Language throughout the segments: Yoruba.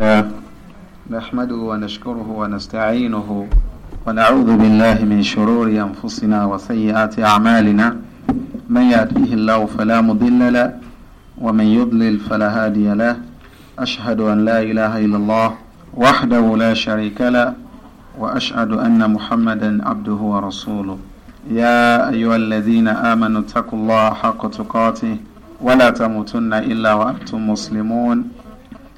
الله نحمده ونشكره ونستعينه ونعوذ بالله من شرور أنفسنا وسيئات أعمالنا من يأتيه الله فلا مضل له ومن يضلل فلا هادي له أشهد أن لا إله إلا الله وحده لا شريك له وأشهد أن محمدا عبده ورسوله يا أيها الذين آمنوا اتقوا الله حق تقاته ولا تموتن إلا وأنتم مسلمون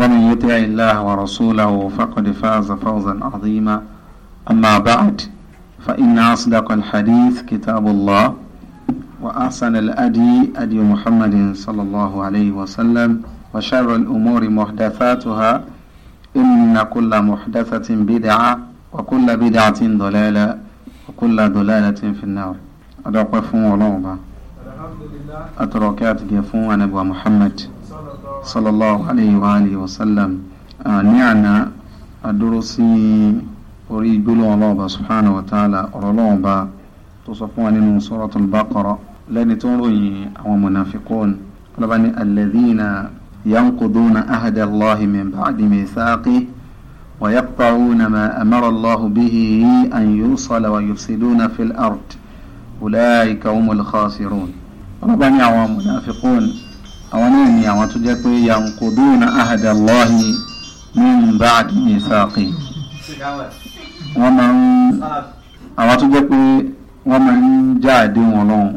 ومن يطع الله ورسوله فقد فاز فوزا عظيما أما بعد فإن أصدق الحديث كتاب الله وأحسن الأدي أدي محمد صلى الله عليه وسلم وشر الأمور محدثاتها إن كل محدثة بدعة وكل بدعة ضلالة وكل ضلالة في النار أدعو فون ولوبا الحمد لله أتركات قفون ونبوى محمد sallallahu alayhi wa alihi wa sallam ní àná adúró sí orí gbólóhùn ọlọ́run ọba subhanahu wa ta'ala ọ̀rọ̀ ọlọ́run ọba tó sọ fún wa nínú suratul baqara lẹ́ni tó ń ròyìn àwọn munafiqun ọlọ́ba ní alladhina yankuduna ahada allahi min ba'di mithaqih wa yaqta'una ma amara allahu bihi an yusala wa yufsiduna fil ard ulaika humul khasirun ọlọ́ba ní àwọn munafiqun àwọn náà ni àwọn tó jẹ́ pé yankuduna ahadallahi min ba'di mithaqi wọ́n máa ń àwọn tó jẹ́ pé wọ́n máa ń já àdéhùn ọlọ́run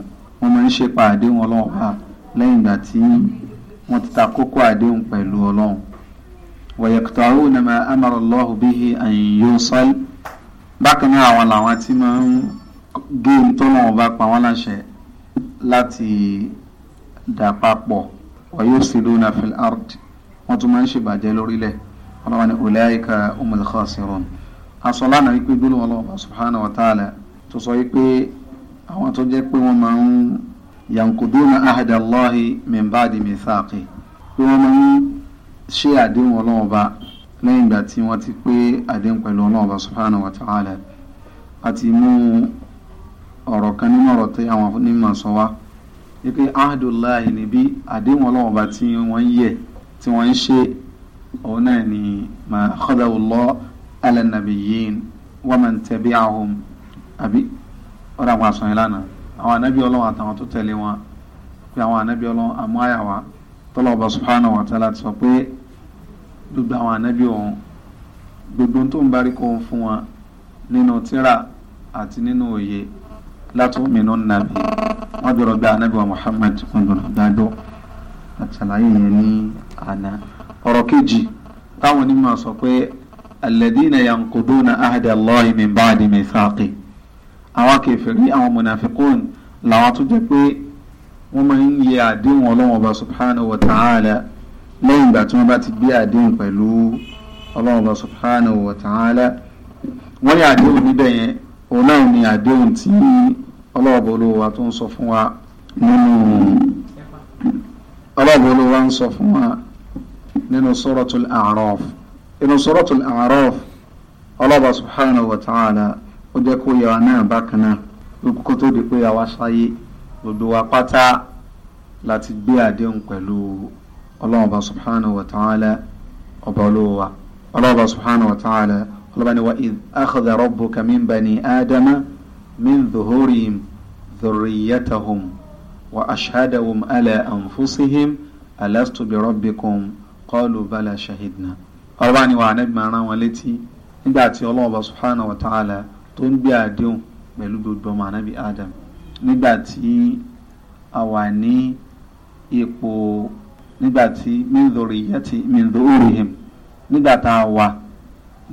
wọ́n máa ń ṣèpa àdéhùn ọlọ́run pa lẹ́yìn ìgbà tí wọ́n ti ta kókó àdéhùn pẹ̀lú ọlọ́run wayaqta'una ma amara Allahu bihi an yusal bákan náà àwọn làwọn tí máa ń gé ohun tó lọ́wọ́ bá pa wọ́n láṣẹ láti dà papọ̀ wa yufsiduna fil ard wọ́n tún máa ń ṣèbàjẹ́ lórílẹ̀ ọlọ́wọ́n ni ulaika humul khasirun aṣọ lánàá wípé gbólóhùn ọlọ́wọ́ subhanahu wa ta'ala tó sọ wípé àwọn tó jẹ́ pé wọ́n máa ń yankuduna ahada Allahi min ba'di mithaqi pé wọ́n máa ń ṣe àdéhùn ọlọ́wọ́ bá lẹ́yìn ìgbà tí wọ́n ti pé àdéhùn pẹ̀lú ọlọ́wọ́ subhanahu wa ta'ala àti mú ọ̀rọ̀ kan nínú ọ̀rọ̀ tí àwọn onímọ̀ sọ wá wípé ahadulahi níbi àdéhùn ọlọ́run ọba tí wọ́n ń yẹ tí wọ́n ń ṣe òun náà ni mà kọ́dáwùlọ́ alẹ́nàbìyìn wọ́n máa ń tẹ̀bí ahùn àbí ọ̀rọ̀ àwọn àṣọ yẹn lánàá àwọn anábì ọlọ́run àtàwọn tó tẹ̀lé wọn pé àwọn anábì ọlọ́run àmúhàyàwá tọ́lọ́ọ̀bà subhanahu wa ta'ala ti sọ pé gbogbo àwọn anábì ọ̀hún gbogbo tó ń bari kó fún wọn nínú tírà àti nínú òye látún mìíràn nàbì wọ́n jọrọ bí anabi wa Muhammad wọ́n jọrọ dájọ́ àtàlàyé yẹn ní àná ọ̀rọ̀ kejì táwọn onímọ̀ sọ pé alladina yankuduna ahada Allahi min ba'di mithaqi àwọn kèfèrí àwọn munafikun làwọn tó jẹ́ pé wọ́n máa ń yẹ àdéhùn ọlọ́wọ́n ọba subhanahu wa ta'ala lẹ́yìn ìgbà tí wọ́n bá ti gbé àdéhùn pẹ̀lú ọlọ́wọ́n ọba subhanahu wa ta'ala wọ́n yẹ àdéhùn níbẹ̀ yẹn òun ni àdéhùn tí ọlọ́ọ̀bù olúwa tó ń sọ fún wa nínú ọlọ́ọ̀bù olúwa ń sọ fún wa nínú suratul A'raf nínú suratul A'raf ọlọ́ọ̀bà subhanahu wa ta'ala ó jẹ́ kó yẹ wa náà bákan náà kókó tó di pé àwa sáyé gbogbo wa pátá láti gbé àdéhùn pẹ̀lú ọlọ́ọ̀bà subhanahu wa ta'ala ọba ọlọ́ọ̀bà subhanahu wa ta'ala ọlọ́ọ̀bà ni wa idh من ظهورهم ذريتهم وأشهدهم على أنفسهم ألست بربكم قالوا بلى شهدنا أربعني وعنب ما رأى والتي نبعتي الله سبحانه وتعالى تنبي أديون pẹ̀lú gbogbo ọmọ ànábì Adam nígbà tí a wà ní ipò nígbà tí mindori yẹti mindorihim nígbà tá a wà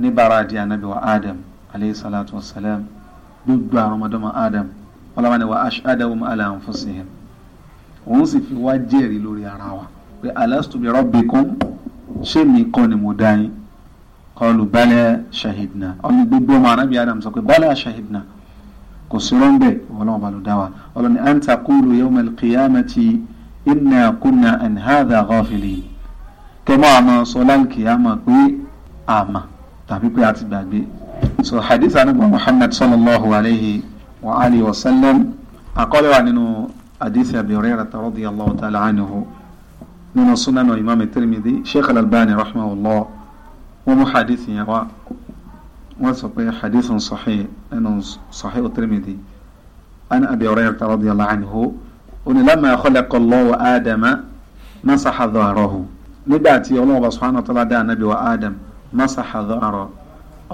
ní bàrà di ànábì wa Adam aleyhi salatu wa salam gbogbo àwọn ọmọdọ́mọ adam ọlọ́wọ́n ni wà ashadahum ala anfusihim òun sì fi wá jẹ́rìí lórí ara wa pé alastu bi rabbikum ṣé mi kọ́ ni mo dá yín qalu bala shahidna ọmọ gbogbo ọmọ anábì adam sọ pé bala shahidna kò sí rọ́ńbẹ́ ọlọ́wọ́n balùwẹ̀ dá wa ọlọ́ni an taqulu yawma al-qiyamati inna kunna an hadha ghafilin kẹ́mọ́ àmọ́ sọlá kìyàmọ̀ pé àmà tàbí pé a ti gbàgbé so hadith anabu muhammad sallallahu alayhi wa alihi wa sallam àkọlé wà nínú hadith abi hurairah radiyallahu ta'ala anhu nínú sunanu imam tirmidhi sheikh al-albani rahimahullah wọ́n mú hadith yẹn wá wọ́n sọ pé hadith sahih nínú sahih tirmidhi an abi hurairah radiyallahu anhu oni lamma khalaqa allahu adama masaha dhahrahu nígbà tí Ọlọ́run subhanahu wa ta'ala dá anabi wa adam masaha dhahrahu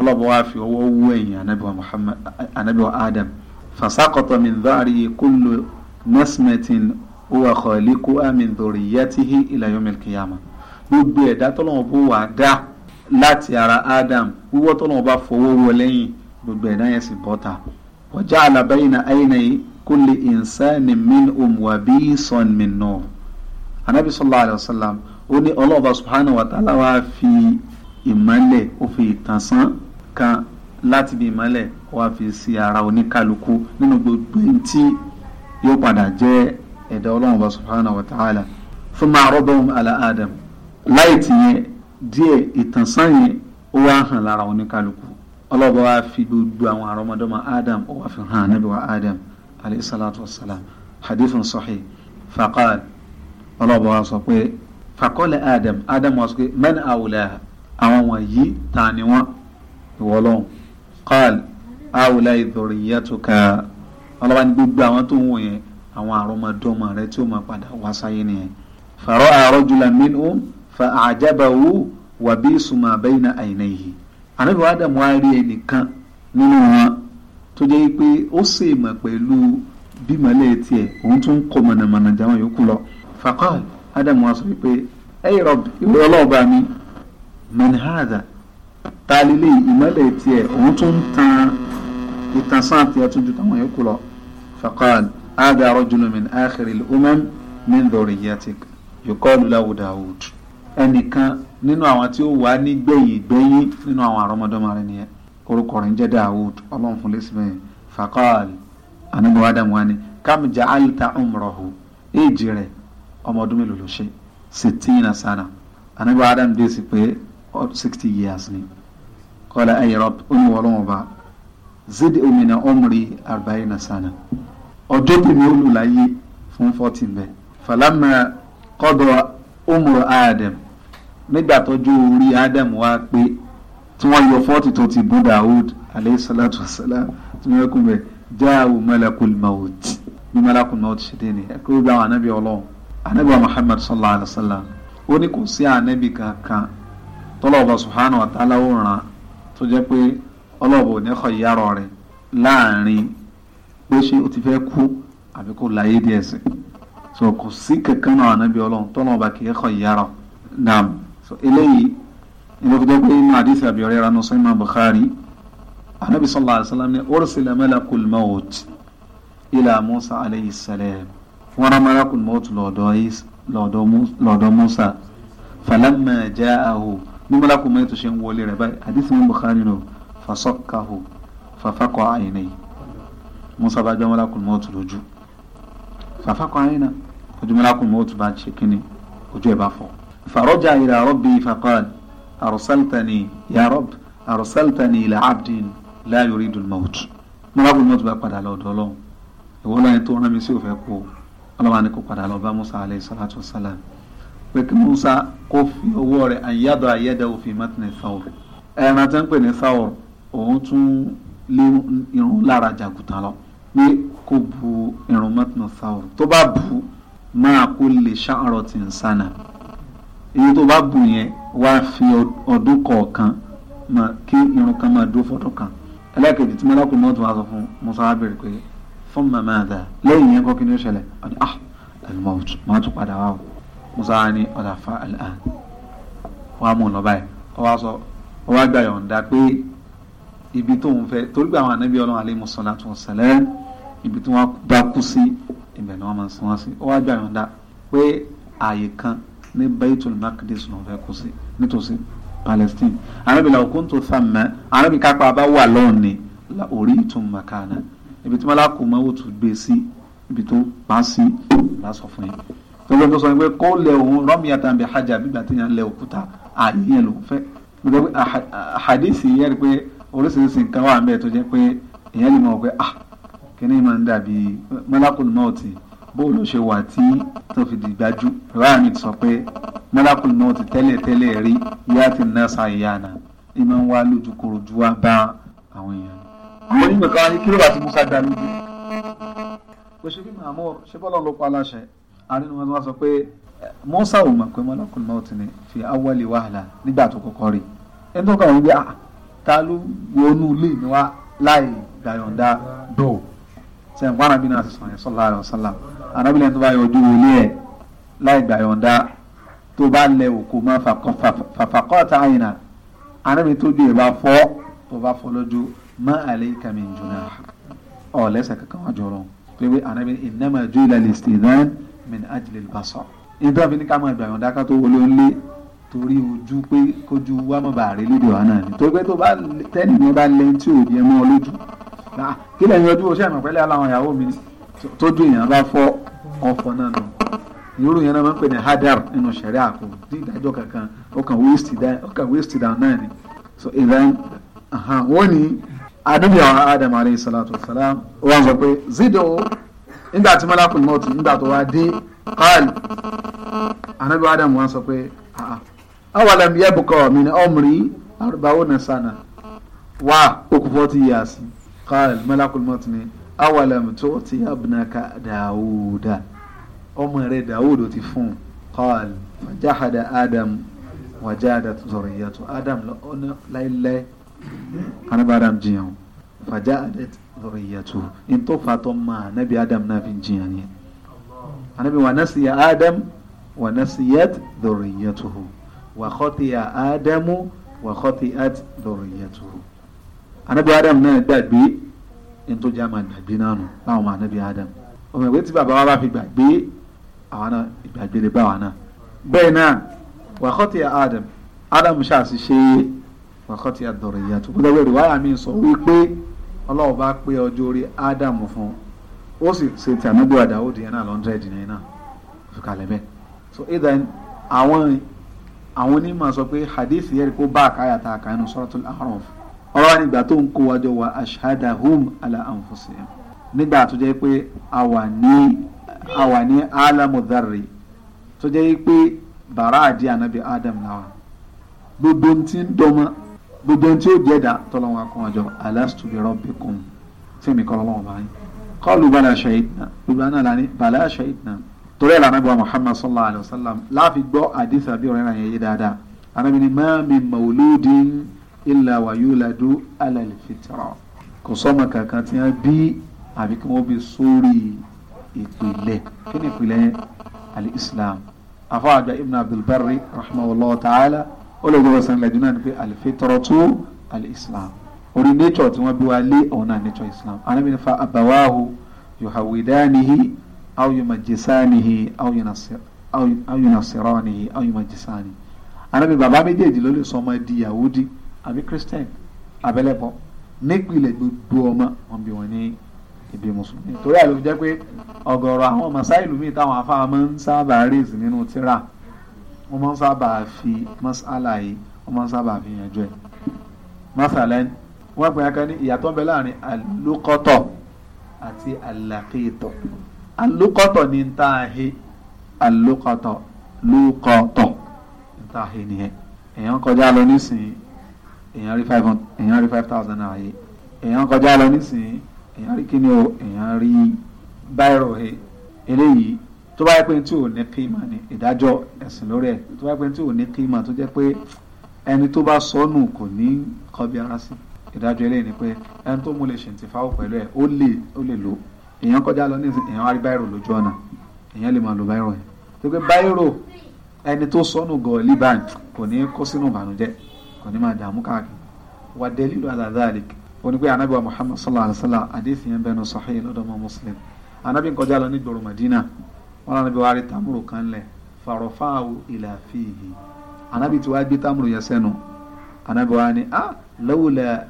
ọlọ́bọ̀ wa fi ọwọ́ wú ẹ̀yìn anabiwa Muhammad anabiwa Adam fasakọtọ min dhaari kullu nasmetin huwa khaliquha min dhurriyatihi ila yawmil qiyamah gbogbo ẹ̀dá tọ́lọ́wọ́ bó wà dá láti ara Adam wíwọ́ tọ́lọ́wọ́ bá fọwọ́ wọ lẹ́yìn gbogbo ẹ̀dá yẹn sì bọ́ta wa ja'ala bayna aynay kulli insanin minhum wabisan min nur anabi sallallahu alayhi ó ní ọlọ́ọ̀bá subhanahu wa ta'ala wá fi ìmọ́lẹ̀ ó ìtànsán kan láti bí ìmọ́lẹ̀ wàá fi sí ara oníkálukú nínú gbogbo ẹni tí yóò padà jẹ́ ẹ̀dá ọlọ́run bá subhanahu wa ta'ala fún máa rọ́bọ̀hún ala adam láì tìyẹn díẹ̀ ìtànsán yẹn ó wá hàn lára oníkálukú ọlọ́ba wa fi gbogbo àwọn àrọ́mọdọ́mọ adam ó wá fi hàn ànábì wa adam alayhi salatu hadithun sahih faqal ọlọ́ba wa sọ pé faqala adam adam wa sọ pé man awlaha àwọn wọ̀nyí ta ni ìwọlọ́hùn qal àwòlá ìdọ̀rẹ̀ ìyá tó ka ọlọ́wà ní gbogbo àwọn tó ń wọ̀ yẹn àwọn àrọ́mọdọ́mọ rẹ tí ó máa padà wá sáyé nìyẹn fàrọ́ àrọ́jùlá minhum fa àjábàwò wà bí ìsùnmọ̀ àbẹ́yìnà àìnáyìí ànábì wa dàmú wá rí ẹnìkan nínú wọn tó jẹ́ pé ó sì mọ̀ pẹ̀lú bímọ̀lẹ́ tiẹ̀ òun tún kọ mọ̀nàmọ̀nà jáwọn yòókù lọ fàkọ́ àdàmú wa sọ pé ẹ̀yìn rọ̀ ìwé ọlọ́ọ̀bá mi mẹ́ni ta lílé ìmọ́lẹ̀ tiẹ̀ òun tún ń tan ìtànsán tiẹ̀ tún ju táwọn yòókù lọ faqal hadha rajulun min akhiri al-umam min dhurriyyatik yuqalu lahu Dawud ẹnìkan nínú àwọn tí ó wà ní gbẹ̀yìn gbẹ̀yìn nínú àwọn àrọ́mọdọ́mọ rẹ̀ nìyẹn orúkọ rẹ̀ ń jẹ́ Dawud ọlọ́run fún lẹ́sìn bẹ́ẹ̀ faqal anabi adam wani kam ja'alta umrahu èjì rẹ̀ ọmọ mélòó ló ṣe sittina sana anabi adam dé sí pé sixty years ni kọ́lá ẹ̀yẹ rọ́b ó ní wọ́lọ́wọ́n bá zidi omina omri arbaina sana ọjọ́ tèmi olùláyé fún fourteen bẹ́ẹ̀ falama kọ́dọ̀ umru adam nígbà tọ́jú orí adam wá pé tí wọ́n yọ forty tó ti bú dawud aleyhi salatu wa salam tí wọ́n yẹ kún bẹ́ẹ̀ jaawu malakul maut bí malakul maut ṣe dé ni ẹ̀kọ́ gbogbo àwọn anabi ọlọ́run anabi wa muhammad sallallahu alayhi wa sallam ó ní kò sí anabi kankan tọ́lọ̀ ọba subhanahu wa ta'ala ó ràn án tó jẹ́ pé ọlọ́ọ̀bù ò ní kọ̀ yárọ̀ rẹ̀ láàrin pé ṣé ó ti fẹ́ kú àbí kó láyé díẹ̀ sí so kò sí kankan náà ànábì ọlọ́run tọ́lọ́ ọba kì í kọ̀ yárọ̀ naam so eléyìí ni ló fi jẹ́ pé inú àdìsí àbí ọ̀rẹ́ ra nùsọ́ ìmọ̀ Bukhari ànábì sallallahu alaihi wasallam ní ursila malakul maut ila Musa alayhi salam wọ́n rán malakul maut lọ́dọ̀ Musa falamma ja'ahu bí mọ́lákù mọ́yìn tó ṣe ń wọlé rẹ̀ báyìí àdìsí mú Bukhari nù fasọ́kàhù fàfàkọ̀ àyìnà yìí musa bá gbá mọ́lákù mọ́ọ̀tù lójú fàfàkọ̀ àyìnà ojú mọ́lákù mọ́ọ̀tù bá ṣe kínní ojú ẹ̀ bá fọ́. fàrọ́jà ìlà rọ́bì fàkọ́l àrùsáltani yà rọ́b àrùsáltani ìlà abdin la yuridu mọ́ọ̀tù mọ́lákù mọ́ọ̀tù bá padà lọ ọ̀dọ̀ ọlọ́run ìwọ́n lọ́yìn tó rán mi sí òfẹ́ kú ọlọ́run á ní kó padà lọ bá musa alayhi salatu wa pé kí Musa kó fi ọwọ́ rẹ̀ àyàdọ̀ àyẹ̀dẹ̀ òfin mọ́tìnì sáwọ̀rọ̀ ẹran tó ń pè ní sáwọ̀rọ̀ òun tún lé irun lára jàgùtà lọ pé kó bu irun mọ́tìnì sáwọ̀rọ̀ tó bá bu máa kó lè ṣàárọ̀ tì ń sànà èyí tó bá bù yẹn wá fi ọdún kọ̀ọ̀kan kí irun kan máa dúró fọ́dún kan ẹlẹ́kẹ̀jì tí mọ́lákùn náà tún wá sọ fún Musa abẹ́rẹ́ pé fún màmá lẹ́yìn yẹn kọ́ kí ó ṣẹlẹ̀ ọ̀dọ̀ ah ẹ̀rù máa tún padà wá o. Musaani wa ni ọ̀dà fa àlàn wàá mú un lọ báyìí ọwọ́ sọ ọwọ́ àgbà yọ̀ǹda pé ibi tó ń fẹ́ torí pé àwọn ànábì ọlọ́run alẹ́ musọ̀lá tó ń sẹ̀lẹ̀ ibi tí wọ́n bá kú sí ibẹ̀ ni wọ́n máa ń sin wọ́n sí ọwọ́ àgbà yọ̀ǹda pé ààyè kan ní Baitul Maqdis ló ń fẹ́ kú sí nítòsí Palestine ànábì làwọn kò ń tó sá mẹ́ ànábì kápá bá wà lọ́run ni orí ìtún màkàna ibi tí wọ́n tọ́lọ́ tó sọ pé kó lẹ òun rọ́mì àtàǹbì hajj àbígbà tí yẹn lẹ òkúta ààyè yẹn lòún fẹ́ lọ́jọ́ pé àhàdìsì yẹn rí pé oríṣiríṣi nǹkan wà mẹ́ẹ̀ tó jẹ́ pé èèyàn lè mọ̀ pé ah kíní máa ń dàbí malakul mọ́ọ̀tì bóòlù ṣe wà tí tó fi di gbájú rahmi sọ pé malakul mọ́ọ̀tì tẹ́lẹ̀tẹ́lẹ̀ rí yá ti ná sàyànà ìmọ̀ ń wá lójúkorojú wá bá àwọn èèyàn. àwọn onímọ̀ kan ní kí ló bá ti Musa dá lójú. kò ṣe bí màmú ṣe bọ́lá ló pa aláṣẹ àrínú wọn sọ pé eh, mọ́sá ò mọ̀ pé mọ́lákùn mọ́ọ̀tì ni fi awọ́lé wàhálà nígbà tó kọ́kọ́ rí ẹni tó kàn wọ́n bí ta ló wọnú ilé mi wá láì gbàyọ̀ǹda dò sẹ́yìn fún arábìnrin náà ti sọ̀rọ̀ yẹn sọ́lá rẹ̀ ọ̀sálà arábìnrin tó bá yọjú ilé ẹ̀ láì gbàyọ̀ǹda tó bá lẹ òkú mọ́ fàfàkọ́ta àyìnà arábìnrin tó dùn ẹ̀ bá fọ́ tó bá fọ́ lójú mọ́ àlẹ́ ìkàmì ìjùnà ọ̀ lẹ́sẹ̀ kankan wájú ọ̀rọ̀ pé arábìnrin ìnáma jùlọ lè ṣèdán min ajli al-basar ibi àfi ní ká máa gbàyàn dáká tó wọlé ńlé torí ojú pé kójú wa mọ̀ bá rí lédè wa náà ni torí pé tó bá tẹ́nì yẹn bá lẹ́yìn tí òbí ẹ mọ́ ọ lójú kí lẹ́yìn ojú oṣù àmọ̀ pẹ́lẹ́ aláwọn ìyàwó mi tójú èèyàn bá fọ́ ọ̀fọ̀ náà nù ìrú yẹn náà máa ń pè ní hadar nínú sẹ̀rí àkó ní ìdájọ́ kankan ó kàn waste down ó waste down náà ni so ìlànà wọ́n ní adúlẹ̀ àwọn Adam alayhi salatu wa salam wọ́n sọ pé zido nígbà tí malakul maut nígbà tó wá dé káàlì anabi adam wá sọ pé awalam yabqa min umri arba'una sana wá okùn forty years káàlì malakul maut ni awalam tu'ti abnaka dawuda ọmọ rẹ dawud ti fún káàlì fajahada adam wajada zuriyatu adam lọ́nà láéláé anabi adam jiyàn fajahada dhurriyyatuhu ntọ́ fatọ́ ma anabi adam náà fi jiyàn yẹn anabi wa nasiya adam wa nasiyat dhurriyyatuhu wa khatiya adamu wa khatiat dhurriyyatuhu anabi adam náà gbàgbé ntọ́ jẹ́ àmà gbàgbé náà nù báwọn ma anabi adam ọmọ ìwé tí bàbá wa bá fi gbàgbé àwọn náà ìgbàgbé lè bá wa náà bẹ́ẹ̀ náà wa khatiya adam adam ṣàṣìṣe wa khatiat dhurriyyatuhu gbọ́dọ̀ wẹ̀rẹ̀ wáyà mi sọ wípé ọlọ́run bá pé ọjọ́ orí ádámù fún ó sì ṣe ti ànábì àdáwòdì yẹn náà lọ́ndẹ̀ẹ́dì yẹn náà fi kalẹ̀ bẹ́ẹ̀ so either àwọn àwọn onímọ̀ sọ pé hadith yẹ́rì kó bá àkáyà tá a kà nínú suratul A'raf ọ̀rọ̀ wa nígbà tó ń kó wájọ wa ashhadahum ala anfusihim nígbà tó jẹ́ pé a wà ní a tó jẹ́ pé bàrá àdí ànábì ádámù náà gbogbo ti ń dọ́mọ́ gbogbo ẹni tí ó jẹ́dá tọ́lọ́wọ́n akọ́wájọ alastu bi rabbikum sẹ́mi kọ́ lọ́wọ́ báyìí qalu bala shahidna gbogbo àná làní bala shahidna torí ẹ̀ lànà bí wa muhammad sallallahu alayhi wa sallam láàfin gbọ́ àdìsá bí ọ̀rẹ́ náà yẹn yé dáadáa ànábi ni ma min mawludin illa wa yuladu ala al-fitra kò sọ́mọ kankan tí wọ́n bí àbí kí wọ́n bí sórí ìpìlẹ̀ kí ni ìpìlẹ̀ al-islam afọ àgbà ibn abdulbari rahmanulahu ta'ala ó lè gbọ́dọ̀ sanlẹ̀ jù náà ni pé al-fitratu al-islam orí nature tí wọ́n bí wa lé ọ̀hún náà nature islam fa abawahu yuhawidanihi aw yumajjisanihi aw yunasiranihi aw yumajjisanihi anamíní bàbá méjèèjì ló lè sọ ọmọ di yahudi àbí christian abẹ́lẹ́bọ nípìnlẹ̀ gbogbo ọmọ wọn bí wọn ní ibi mùsùlùmí torí àlùfẹ́ jẹ́ pé ọ̀gọ̀rọ̀ àwọn masáìlú míì táwọn afáàmọ́ ń sábà rèézì nínú tíra wọ́n máa ń sábà fi mọ́sálà yìí wọ́n máa ń sábà fi yanjú ẹ̀ mọ́sálẹ́ni wọ́n pè é akẹ́ni ìyàtọ̀ ń bẹ láàrin alókọ́tọ̀ àti alákéètọ̀ alókọ́tọ̀ ní ń tá a he alókọ́tọ̀ lókọ́tọ̀ ń tá a he nìyẹn èèyàn kọjá lọ nísìnyí èèyàn rí five hundred èèyàn rí five thousand náà yé èèyàn kọjá lọ nísìnyí èèyàn rí kíni o èèyàn rí báírò he eléyìí tó bá yẹ pé tí ò ní kíma ni ìdájọ́ ẹ̀sìn lórí ẹ̀ tó bá yẹ pé tí ò ní kíma tó jẹ́ pé ẹni tó bá sọnù kò ní kọbi ara sí ìdájọ́ eléyìí ni pé ẹni tó mú lè ṣe ti fáwọ́ pẹ̀lú ẹ̀ ó lè ó lè lò èèyàn kọjá lọ ní èèyàn arí lójú ọ̀nà èèyàn lè máa lo báyìrò yẹn tó pé báyìrò ẹni tó sọnù gan liban kò ní kó sínú ìbànújẹ́ kò ní máa dààmú káàkiri wà muhammad sallallahu alayhi wa sallam adéfìyẹn bẹnu sahih lọ́dọ̀ mọ́ muslim anabi kọjá lọ madina wọn lànà bí wàá rí tamuru kan lẹ̀ farofáwo ìlà fìhì anabi tí wàá gbé tamuru yẹn sẹ́nu anabi wàá ní ah lawla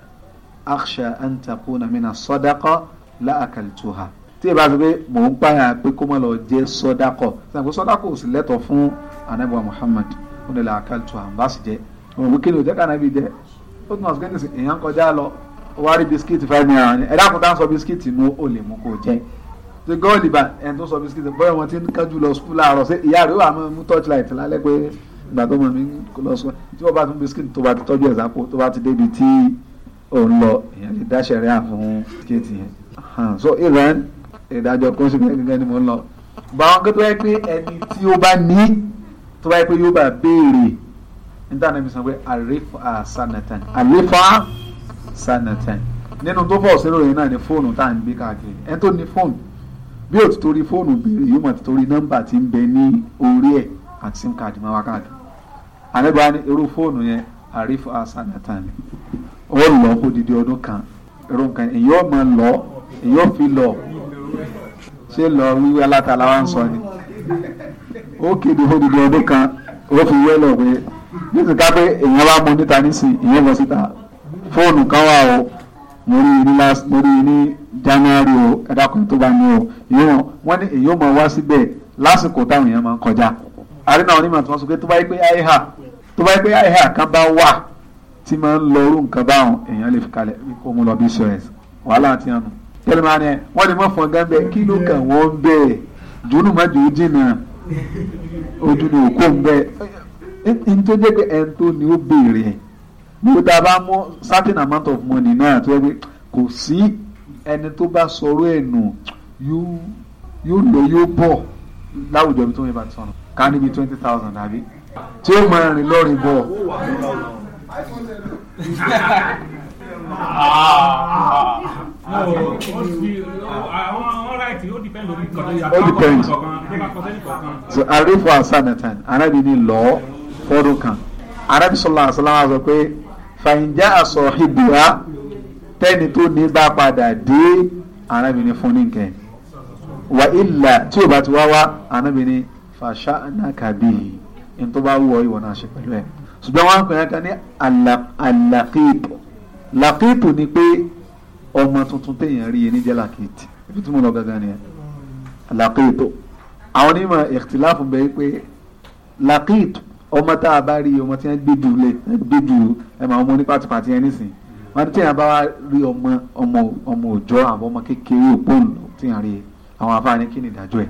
aksha antakuna mina sadaqa la akaltuha tí ìbá sọ pé mò ń pààyà pé kó má lọ jẹ sọdákọ sàgbé sọdákọ ò sì lẹ́tọ̀ọ́ fún anabiwa muhammad ó nílẹ̀ àkàlùtù àǹbáṣì jẹ òun wí kíni ò jẹ kànábì jẹ ó tún àṣùkẹ́ ní ìyàn kọjá lọ wá rí bisikíìtì five naira ẹ̀dá kan tá à sọ bisikíìtì mú ó lè mú kó jẹ ṣe gọ́ọ̀lì bá ẹ̀ tó sọ bisikíìtì bọ́ọ̀ wọn ti ń kájú lọ sukùl láàárọ̀ ṣe ìyá rẹ̀ wà mú torchlight lálẹ́ pé ìgbà tó mọ̀ mí lọ sọ tí wọ́n bá tún bisikíìtì tó bá ti tọ́jú ẹ̀sán kó tó bá ti débi tí òun lọ èèyàn lè dá ṣẹ̀rẹ́ àfún bisikíìtì yẹn. so iran ìdájọ́ kọ́ńsìpẹ̀ gẹ́gẹ́ ni mo ń lọ bá wọn kótó wáyé pé ẹni tí ó bá ní tó wáyé pé yóò bá béèrè níta náà mi sọ pé àrífà sanatan àrífà sanatan nínú tó fọ̀ sínú rẹ̀ náà ni fóònù tá à ń gbé káàkiri ẹni tó ní fóònù bí o ti torí fóònù béèrè yóò mọ̀ ti torí nọ́mbà tí ń bẹ ní orí ẹ̀ àti sim card máa wá àlẹ́gbà ni irú fóònù yẹn àrífọ́ asanatan ó lọ odidi ọdún kan irú nǹkan èyí ó máa lọ èyí ó fi lọ ṣé lọ wíwé alátala wa ń sọ ni ó kéde odidi ọdún kan ó fi wé lọ pé nítorí ká pé èèyàn bá mú níta nísìnyí ìyẹn lọ síta fóònù kan wà o mo rí ní last mo rí ní january o ẹ̀dàkùn tó bá ní o ìyóò wọ́n ní èyí ó mọ̀ wá síbẹ̀ lásìkò táwọn èèyàn máa ń kọjá àrínà onímọ̀ tí wọ́n sọ pé tó bá yẹ pé àìhà tó bá yẹ pé àìhà kan bá wà tí máa ń lọ orú nǹkan báwọn èèyàn lè fi kalẹ̀ kó mu lọ bí sọ̀rọ̀ wàhálà àti àná tẹ́lẹ̀ máa ní ẹ wọ́n lè mọ̀ fún ọgá bẹ́ẹ̀ kí ló kàn wọ́n bẹ́ẹ̀ jùnú má jù ú jìnnà ojú ni òkú ń bẹ́ẹ̀ ní tó jẹ́ pé ẹni ni ó béèrè yẹn nígbà bá mú certain amount of money náà tó yẹ pé kò sí ẹni tó bá sọ̀rọ̀ ẹ̀ nù yóò lọ yóò bọ̀ láwùjọ ibi tó ń yẹ bá ti sọnù ká níbi twenty thousand àbí tí ó máa rìn lọ́rìn bọ̀ all depends so arifu asanatan arabi ni lọ fọdún kan arabi sọlá asalaam sọ pé fàyìnjá àsọ ìbùrá tẹ́ni tó ní bá padà dé arábìnrin fún ní nkẹ́ wà ìlà tí ò bá ti wá wá arábìnrin fàṣà náà kàbí ní tó bá wù ọ ìwọ náà ṣe pẹ̀lú ẹ̀ ṣùgbọ́n wọn kàn yẹn kan ní àlàkìtù làkìtù ni pé ọmọ tuntun téèyàn rí yẹn ní jẹ́ ibi tí mo lọ gangan nìyẹn làkìtù àwọn onímọ̀ ìtìláfù bẹ́ẹ̀ pé làkìtù ọmọ tá a bá rí ọmọ tí wọ́n gbé jù lẹ̀ gbé jù ẹ̀ máa ọmọ onípàtìpàtì yẹn nísìn wọ́n ní tíyàn bá wá rí ọmọ ọmọ ọmọ òòjọ́ àwọn ọmọ kékeré òpónù tíyàn rí àwọn afáàní kí ni ìdájọ́ ẹ̀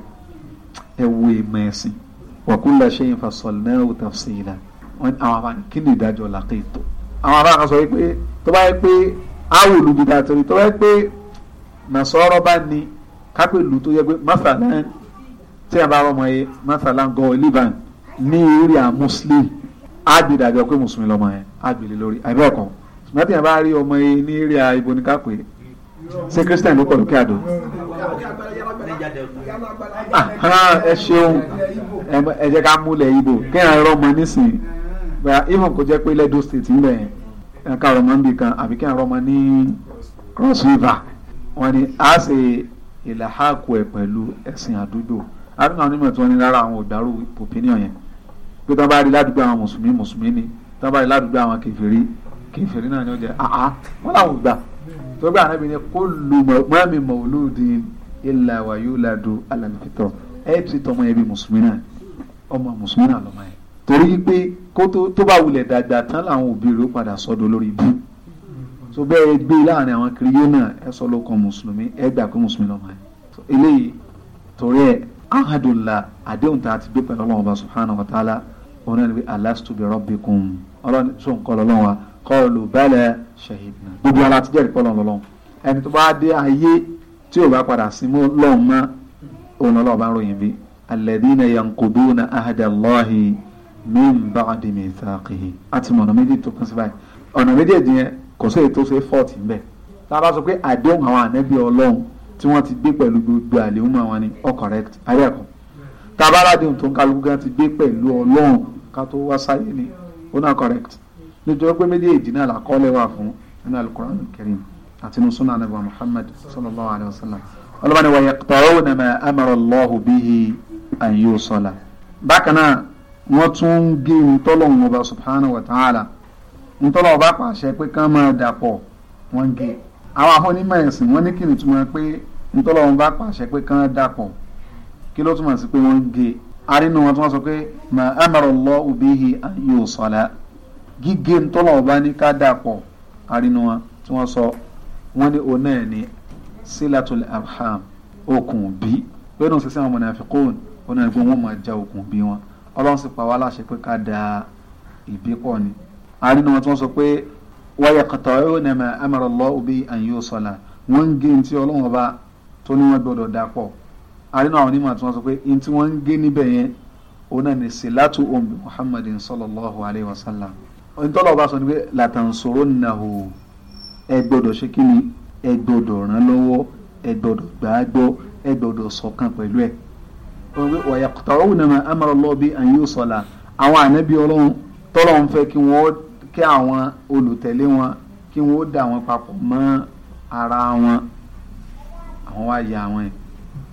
ẹ wo ìmọ̀ ẹ̀sìn wàkúlà ṣe ń fasọ̀lù náà ó tà sí ìlà àwọn afáàní kí ni ìdájọ́ làkè tó àwọn afáàní kan sọ wípé tó bá yẹ pé áwò olùdíjà torí tó bá yẹ pé nàṣọ́rọ́ bá ní kápẹ́lú tó yẹ pé mọ́sálán tí a bá rọmọ yẹ ní area muslim á gbé dàbí ọpẹ mùsùlùmí lọmọ yẹn á gbé lé lórí àbí ẹ̀kọ́ ṣùgbọ́n tí yẹn bá rí ọmọ yẹn ní area ibo ní ká pè é ṣé christian ló pẹ̀lú kí àdó. Ah, ẹ ṣeun ẹ jẹ́ ká múlẹ̀ ibo kí ẹ̀ rọmọ nísìnyí bẹ́ẹ̀ even kò jẹ́ pé lẹ́dọ̀ state ń bẹ̀ ẹ̀ ká rọmọ níbi kan àbí kí ẹ̀ rọmọ ní cross river wọ́n ní a ṣe ìlàhàkù ẹ̀ pẹ̀lú ẹ̀sìn àdúgbò ni onímọ̀ tí wọ́n ní lára àwọn ògbàrú opinion yẹn pé tí wọ́n bá rí ládùúgbò àwọn mùsùlùmí mùsùlùmí ni tí wọ́n bá rí ládùúgbò àwọn kèfèrí kèfèrí náà ni ó jẹ́ àá wọ́n làwọn gbà tó gbà náà bí ní kó lu mọ́mí mọ́lúdín ilà wà yóò ládù alàlùfẹ́tọ̀ ẹ ti tọmọ yẹn bí mùsùlùmí náà ọmọ mùsùlùmí náà lọ́mọ yẹn torí pé kó tó bá wulẹ̀ dàgbà tán làwọn òbí rẹ̀ padà sọ́dọ̀ lórí ibú so bẹ́ẹ̀ gbé láàrin àwọn kiriyó náà ẹ sọ ló kan mùsùlùmí ẹ gbà pé mùsùlùmí lọ́mọ yẹn eléyìí torí ẹ ahadùnlá àdéhùn tá a ti gbé pẹ̀lú ọlọ́run ọba subhanahu wa ta'ala òun náà ni pé alastu bi rabbikum ọlọ́run sọ nǹkan lọ́lọ́run wa qalu bala shahidna gbogbo ara ti jẹ́rìí pọ́lọ́run lọ́lọ́run ẹni tó bá dé ayé tí ò bá padà sí mú lọ́hùn mọ́ òun bá ń ròyìn bí alladhina yankuduna ahadallahi min ba'di mithaqihi àti mọ̀nà méjì tó kún sí báyìí ọ̀nà méjèèjì yẹn kò sí èyí tó ṣe fọ́ọ̀tì ńbẹ̀ tá a pé àdéhùn àwọn ànábì ọlọ́run tí wọ́n ti gbé pẹ̀lú gbogbo àléhùn àwọn ni all ayé ẹ̀kọ́ tá tó ń kálukú gan ti gbé pẹ̀lú ọlọ́run ká tó wá sáyé ni ó náà correct nítorí pé méjèèjì náà làkọọ́lẹ̀ wà fún nínú alukur'an karim àti nínú sunan anabi muhammad sallallahu alayhi wa sallam ọlọ́mọdé wa yaqta'una ma amara allahu bihi an yusala bákan náà wọ́n tún ń gé ntọ́lọ́hún ọba subhanahu wa ta'ala ntọ́lọ́ ọba pàṣẹ pé ká máa dàpọ̀ wọ́n gé àwọn afọ́nímọ̀ ẹ̀sìn wọ́n ní kí ni túmọ̀ pé ntọ́lọ́hún bá pàṣẹ pé ká dàpọ̀ kí ló túmọ̀ sí pé wọ́n gé arínú wọn tí wọ́n sọ pé mà amara Allahu bihi an yusala gígé ntọ́lọ̀ ọba ní ká dà pọ̀ arínú wọn tí wọ́n sọ wọ́n ní òun náà ní silatul arham okùn bí pẹ̀lú sísẹ́ àwọn munafiqun òun náà gbọ́n wọn máa já okùn bí wọn ọlọ́run sì pa wá láṣẹ pé ká da ìbí pọ̀ ni arínú wọn tí wọ́n sọ pé wáyà kàtà ọ̀yọ́ náà mà amara Allahu bihi an yusala wọ́n gé ntí ọlọ́run ọba tó ní wọ́n gbọ́dọ̀ dà pọ̀ àrínú àwọn onímọ̀ tí wọ́n sọ pé in tí wọ́n ń gé níbẹ̀ yẹn òun náà ní silatu ombi muhammadin sallallahu alayhi wa sallam ntọ́lọ̀ ọba sọ ni pé latansurunnahu ẹ gbọ́dọ̀ ṣe kí ni ẹ gbọ́dọ̀ ràn lọ́wọ́ ẹ gbọ́dọ̀ gbàgbọ́ ẹ gbọ́dọ̀ ṣọ̀kan pẹ̀lú ẹ̀ wa yaqta'una ma amara Allah bi an yusala àwọn ànábì ọlọ́run tọ́lọ̀ ń fẹ́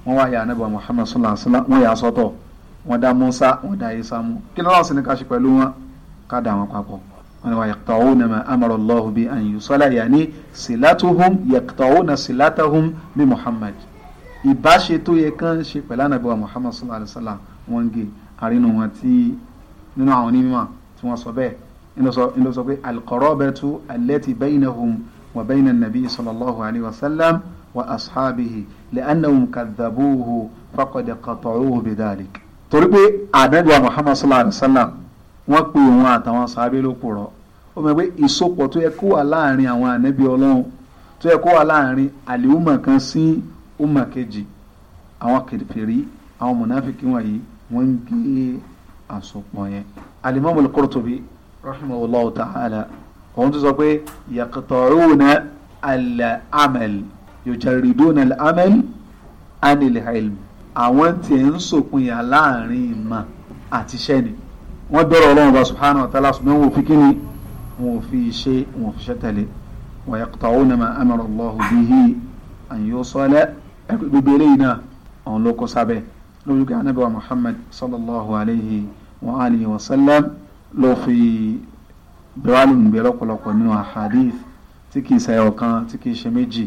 wọ́n wá ya anábọ̀ muhammed sallallahu alaihi wasallam wọ́n yà á sọ́tọ̀ wọ́n dá musa wọ́n dá isa mú kí ni Allah sì ní ká ṣe pẹ̀lú wọn ká dà wọn papọ̀ wọ́n ní wa yaqta'una ma amara Allahu bi an yusala yani silatuhum yaqta'una silatahum bi muhammed ìbáṣe tó yẹ kán ṣe pẹ̀lú anábọ̀ muhammed sallallahu alaihi wasallam wọ́n ń gé àrínú wọn tí nínú àwọn onímọ̀ tí wọ́n sọ bẹ́ẹ̀ ń sọ pé al-qarabatu allati baynahum wa bayna an-nabi sallallahu alaihi wasallam wa ashabihi لأنهم كذبوه فقد قطعوه بذلك torí pé àdẹ́gbà muhammad sallallahu alayhi wa sallam wọ́n pe òun àtàwọn sábẹ́ ló purọ́ ó mọ̀ pé ìsopọ̀ tó yẹ kó wà láàrin àwọn ànábì ọlọ́run tó yẹ kó wà láàrin àlìhùmọ̀ kan sí ùmọ̀ kejì àwọn kìrìfìrí àwọn mùnáfíkì wọ̀nyí wọ́n ń gé àsopọ̀ yẹn. alimami al-Qurtubi rahimahullahu ta'ala òun ti sọ pé yaqta'una al-amal yujarriduna al-amal anil ilm àwọn tiẹ̀ ń sòpinya láàrin ìmọ̀ àti iṣẹ́ ni wọ́n dọ̀rọ̀ ọlọ́run bá subhanahu wa ta'ala ṣùgbọ́n wọn ò fi kí ni wọn ò fi ṣe wọn ò fi ṣe tẹ̀lé wa yaqta'una ma amara Allahu bihi an yusala gbogbo eléyìí náà àwọn ló kó sábẹ́ lórí pé anábẹ́wà Muhammad sallallahu alayhi wa alihi wa sallam ló fi bẹ́wàá lónìí lọ́pọ̀lọpọ̀ nínú ahadith tí kì í ṣe ọ̀kan tí kì í ṣe méjì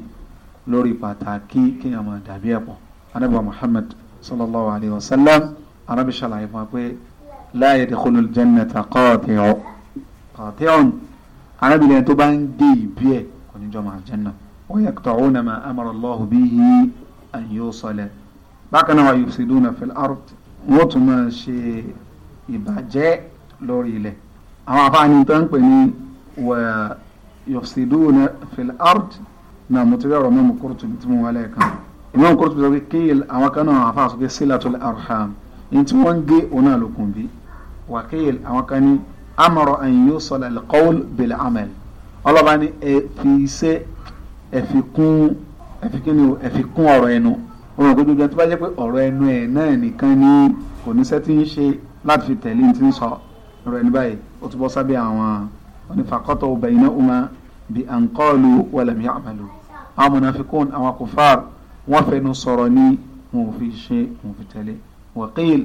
lórí pàtàkì kí a máa dàbí ẹ̀pọ̀ anábà muhammad sallallahu alayhi wa sallam anábì ṣàlàyé fún wa pé la yadkhulul jannata qati'u qati'un arábìnrin tó bá ń gé ìbí ẹ̀ kò ní jọ máa jẹ́nà wa yaqta'una ma amara Allahu bihi an yusala bákan náà wa yufsiduna fil ard wọ́n tún máa ṣe ìbàjẹ́ lórí ilẹ̀ àwọn afáàní tó ń pè ní wa yufsiduna fil ard náà mo ti rí ọ̀rọ̀ mẹ́mu Qurtubi tí mo wà lẹ́ẹ̀kan ìmọ̀ Qurtubi sọ pé kí àwọn kan náà àfa sọ pé silatul arham ní tí wọ́n ń gé òun náà lókun bí wàkíyèl àwọn kan ní amara an yusala al-qawl bil amal ọlọ́ba ní ẹ fi iṣẹ́ ẹ fi kún ẹ fi kíni o ẹ fi kún ọ̀rọ̀ ẹnu ọ̀rọ̀ gbogbo ìgbà tó bá jẹ́ pé ọ̀rọ̀ ẹnu ẹ̀ náà nìkan ní oníṣẹ́ tí ń ṣe láti fi tẹ̀lé ní ti ń sọ ọ̀rọ̀ ẹni báyìí ó tún bọ́ sábẹ́ àwọn onífàkọ́tọ̀ ọ̀bẹ̀yìn náà ó máa bi an qalu wa lam ya'malu àwọn munafikun àwọn kufar wọ́n fẹnu sọ̀rọ̀ ní wọn ò fi ṣe wọn ò fi tẹ̀lé waqil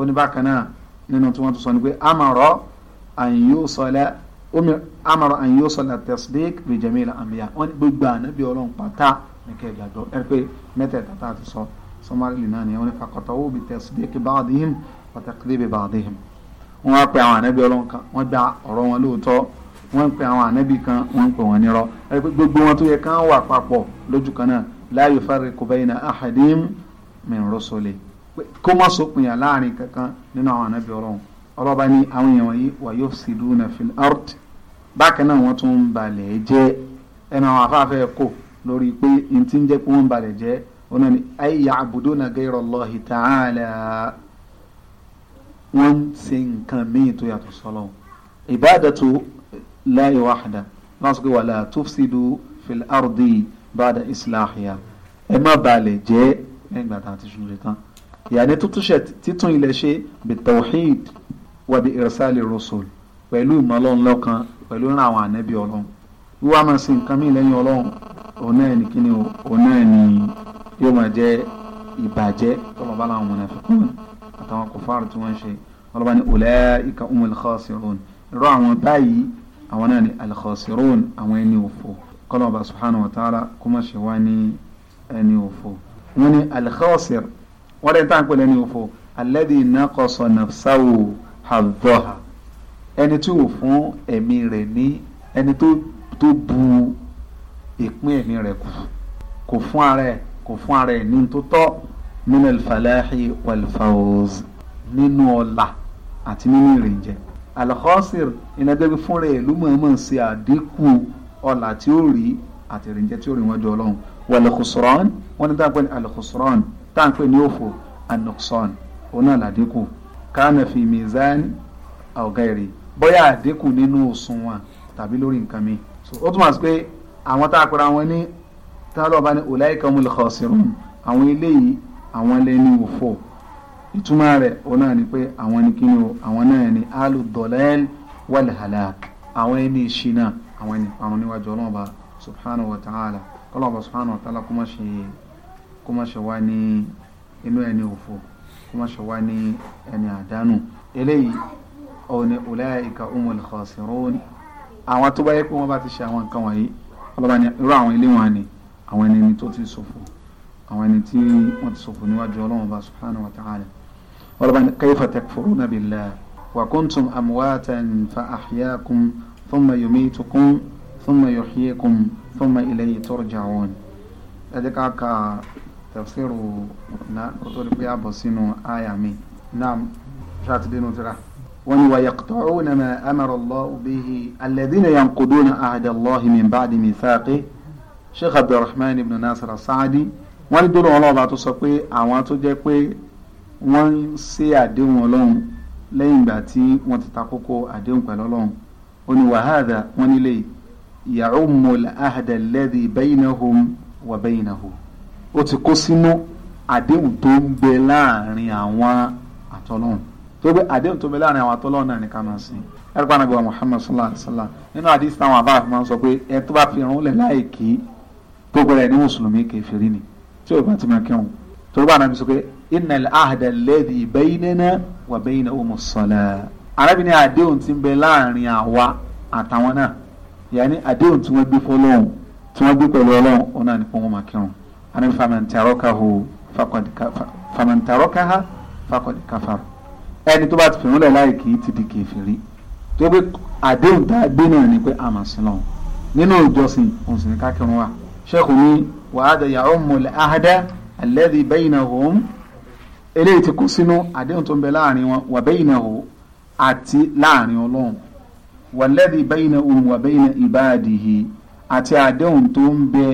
oníbàkanáà nínú tí wọ́n tún sọ ni pé amara an yusala amara an yusala tasdik bi jamil anbiya wọ́n ní gbogbo ànábì ọlọ́run pátá ní kẹ́ ìgbàgbọ́ ẹ pé mẹ́tẹ̀ẹ̀ta tá a ti sọ sọmárì náà ni wọ́n ní faqatawu bi tasdik ba'dihim wa taqdib ba'dihim wọ́n wá pe àwọn ànábì ọlọ́run kan wọ́n gba ọ̀rọ̀ wọn lóòótọ́ wọ́n ń pe àwọn ànábì kan wọ́n ń pe wọ́n nírọ́ gbogbo wọn tó yẹ kán wà papọ̀ lójú kan náà la yufarriqu bayna ahadim min rusuli kó má sópinya láàrin kankan nínú àwọn ànábì ọlọ́run ọlọ́ba ní àwọn èèyàn wọ̀nyí wa yufsiduna fil ard bákan náà wọ́n tún ń balẹ̀ jẹ́ ẹnu àwọn afáfẹ́ kò lórí pé n ti ń jẹ́ pé wọ́n ń balẹ̀ jẹ́ ọ̀nà ni ay ya'buduna ghayra Allahi ta'ala wọ́n ń ṣe nǹkan míì tó yàtọ̀ sọ́lọ́ ìbádàtò láyé wàhádà lọ́sọ̀kè wàlà tufsidu fil ardi ba'da islahiya ẹ má balẹ̀ jẹ́ lẹ́yìn ìgbà tá a ti sùn lè tán yàní tútúnṣe títún ilẹ̀ ṣe bi tawhid wa bi irsali rusul pẹ̀lú ìmọ̀lọ́nlọ́kan pẹ̀lú ìran àwọn ànábì ọlọ́run wíwá máa sin nǹkan mí lẹ́yìn ọlọ́run òun náà ní kíni òun náà ní yóò máa jẹ́ ìbàjẹ́ tọ́lọ̀ bá láwọn munafiqun àtàwọn kòfàrù tí wọ́n ń ṣe ọlọ́ba ní ulaika umul khasirun irú àwọn báyìí àwọn náà ni al-khasirun àwọn ẹni òfò kọlọ́ọ̀bà subhanahu wa ta'ala kó má ṣe wá ní ẹni òfò wọ́n ní al-khasir wọ́n rẹ̀ tá à ń pè lẹ́ni òfò alladhi naqasa nafsahu haddaha ẹni tí ò fún ẹ̀mí rẹ̀ ní ẹni tó tó bu ìpín ẹ̀mí rẹ̀ kù kò fún ara ẹ̀ kò fún ara ẹ̀ ní tó tọ́ min al-falahi nínú ọlà àti nínú ìrìnjẹ alkhosir iná jẹ́ pé fúnra ẹ̀ ló mọ̀ọ́mọ̀ ṣe àdínkù ọ̀là tí ó rí àti ìrìnjẹ́ tí ó rí wọn jọ ọlọ́run wà alkhusran wọn ní táǹpẹ́ ní alkhusran táǹpẹ́ ní òfò anokson òun náà làdínkù kánà fi mizan ọ̀gáìrì bóyá àdínkù nínú òṣùwọ̀n tàbí lórí nǹkan mi ó túmọ̀ sí pé àwọn tá a pera wọn ní tálọ́ọ̀bá ní ọ̀láìkà mul àwọn eléyìí àwọn ẹlẹ́ni òfò ìtumọ̀ rẹ̀ òun náà ni pé àwọn ni kí ni o àwọn náà ni aludolel wàlhàlàk àwọn ẹni ìṣìnà àwọn ẹni parun níwájú ọlọ́ọ̀ba subhanahu wa ta'ala ọlọ́ọ̀ba subhanahu wa ta'ala kó má ṣe kó má ṣe wá ní inú ẹni òfò kó má ṣe wá ní ẹni àdánù eléyìí òun ni ulaika umul khasirun àwọn tó bá yẹ pé wọ́n bá ti ṣe àwọn nǹkan wọ̀nyí ọlọ́ba ni irú àwọn ilé wọn ni àwọn ẹni tó ti ṣòfò àwọn ẹni tí wọ́n ti ṣòfò níwájú ọlọ́wọ́n bá subhanahu wa ta'ala ọlọ́ba ní kayfa takfuruna billah wa kuntum amwatan fa ahyakum thumma yumitukum thumma yuhyikum thumma ilayhi turja'un ẹ jẹ́ ká ka tafsiru na tó rí pé a bọ̀ sínú àyà mi náà ṣáàtìdé nù tira. wọ́n ní wa yaqta'una ma amara Allahu bihi alladhina yanquduna ahda Allahi min ba'di mithaqihi Sheikh Abdulrahman ibn Nasir as-Sa'di wọ́n ní dúró wọn lọ́wọ́ bá tó sọ pé àwọn tó jẹ́ pé wọ́n ń ṣe àdéhùn ọlọ́run lẹ́yìn ìgbà tí wọ́n ti ta kókó àdéhùn pẹ̀lú ọlọ́run ó ní wàhádà wọ́n nílé ya'ummul ahda alladhi baynahum wa baynahu ó ti kó sínú àdéhùn tó ń bẹ láàrin àwọn àtọ́lọ́run tó gbé àdéhùn tó ń bẹ láàrin àwọn àtọ́lọ́run náà ní ká máa sìn ẹ̀rọ̀pá nàbẹ̀ wa Muhammad sallallahu alaihi wa sallam nínú àdìsí táwọn àbá àfi máa ń sọ pé ẹ tó bá fi irun lẹ̀ láì kí gbogbo rẹ̀ ní mùsùlùmí kèfèrí ni tí ò bá ti máa kírun tó bá nàbẹ̀ sọ pé inna al-ahda alladhi baynana wa baynahumu as-salah arábìnrin àdéhùn ti ń bẹ láàrin àwa àtàwọn náà yàní àdéhùn tí wọ́n gbé fọlọ́hún tí wọ́n gbé pẹ̀lú ọlọ́hún òun náà ní kó wọ́n máa kírun ẹni tó bá ti fìrún lẹ̀ láì kì í ti di kèfèrí tó pé àdéhùn tá a gbé náà ni pé àmà sí lọ́hùn nínú ìjọsìn òun sì ní ká kírun wa ṣẹ́kù ní wàhádà ya'ummul ahda alladhi eléyìí ti kó sínú àdéhùn tó ń bẹ láàrin wọn wà bainahu àti láàrin ọlọ́run walladhi bainahu wà baina ibadihi àti àdéhùn tó ń bẹ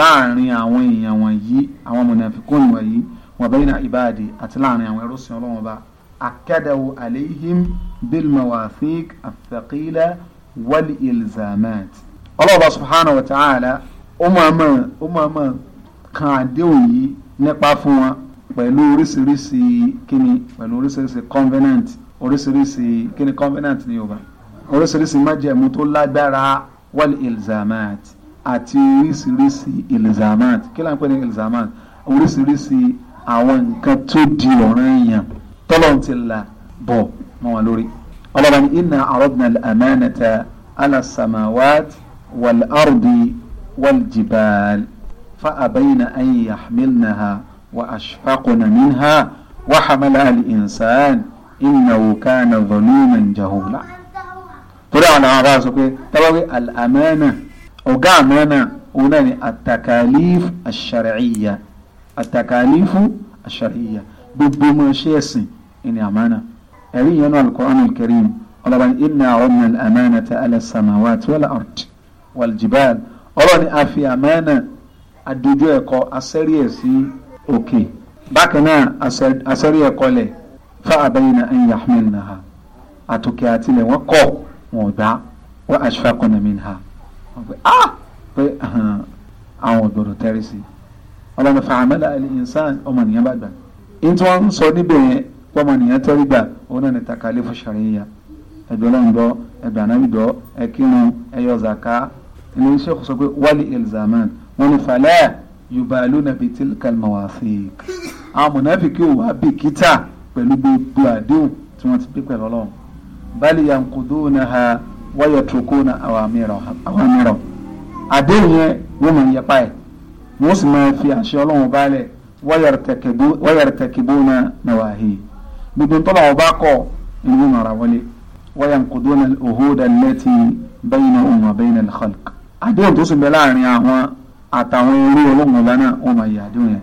láàrin àwọn èèyàn wọ̀nyí àwọn munafikun wọ̀nyí wà baina ibadi àti láàrin àwọn ẹrú sin ọlọ́run ọba akadahu alayhim bil mawathiq athaqila ilzamat ọlọ́ọ̀bá subhanahu wa ta'ala ó máa máa kan àdéhùn yìí nípa fún wọn pẹ̀lú oríṣiríṣi kíni pẹ̀lú oríṣiríṣi covenant oríṣiríṣi kíni covenant ní yorùbá oríṣiríṣi májẹ̀mú tó lágbára wal ilzamat àti oríṣiríṣi ilzamat kí ló ń pè ní ilzamat oríṣiríṣi àwọn nǹkan tó di ọ̀ràn èèyàn tọ́lọ̀ ti là bọ̀ mọ́ wọn lórí. ọlọ́run ní inna aradna al-amanata ala samawat wal ardi wal jibal fa abayna وأشفقنا منها وحملها الإنسان إنه كان ظلوما جهولا torí àwọn àwọn abáyọ sọ pé tábàwí al'amana ọ̀gá àmánà òun náà ni àtàkàlíf àṣàrẹ̀yà àtàkàlífù àṣàrẹ̀yà gbogbo ọmọ iṣẹ́ ẹ̀sìn ìní àmánà ẹ̀rí ìyẹn náà al-Qur'an al-Karim ọlọ́ba ní inna ọ̀nà al'amana ta ala samawati wal ard wal jibal ọlọ́ni àfi àmánà àdójú ẹ̀kọ́ asẹ́rí ẹ̀ sí òkè bákan náà asẹ́rí ẹ̀ kọlẹ̀ fa àbẹ́yìnà an yahmilnaha àtòkè àtìlẹ̀ wọ́n kọ̀ wọ́n gbá wọ́n ashfaqna minha wọ́n pé ah pé àwọn ògbòdò tẹ́rí sí ọlọ́run fa àmàlà al-insan ọmọnìyàn bá gbà ní tí wọ́n ń sọ níbẹ̀ yẹn ọmọnìyàn tẹ́rí gbà òun náà ní takalifu shar'iyya ẹ̀dọ́ lọ́n ẹ̀dọ́ ànábì ẹ̀kírun ẹ̀yọ zaka ilé yubaluna bi tilkal mawasiq àwọn mọ̀nàfíkì ò wá bìkítà pẹ̀lú gbogbo àdéhùn tí wọ́n ti pé pẹ̀lú ọlọ́run bal yanqudunaha wa yatrukuna awamira àdéhùn yẹn wọ́n máa ń yẹpa ẹ̀ wọ́n sì máa fi àṣẹ ọlọ́run báálẹ̀ wa yartakibuna nawahi gbogbo tọ́ba ọba kọ ìlú mara wọlé wa yanquduna al-uhuda allati baynahum wa bayna al-khalq àdéhùn tó sì bẹ láàrin àwọn àtàwọn eré olóògùn ọba náà wọn máa yẹ àdéhùn yẹn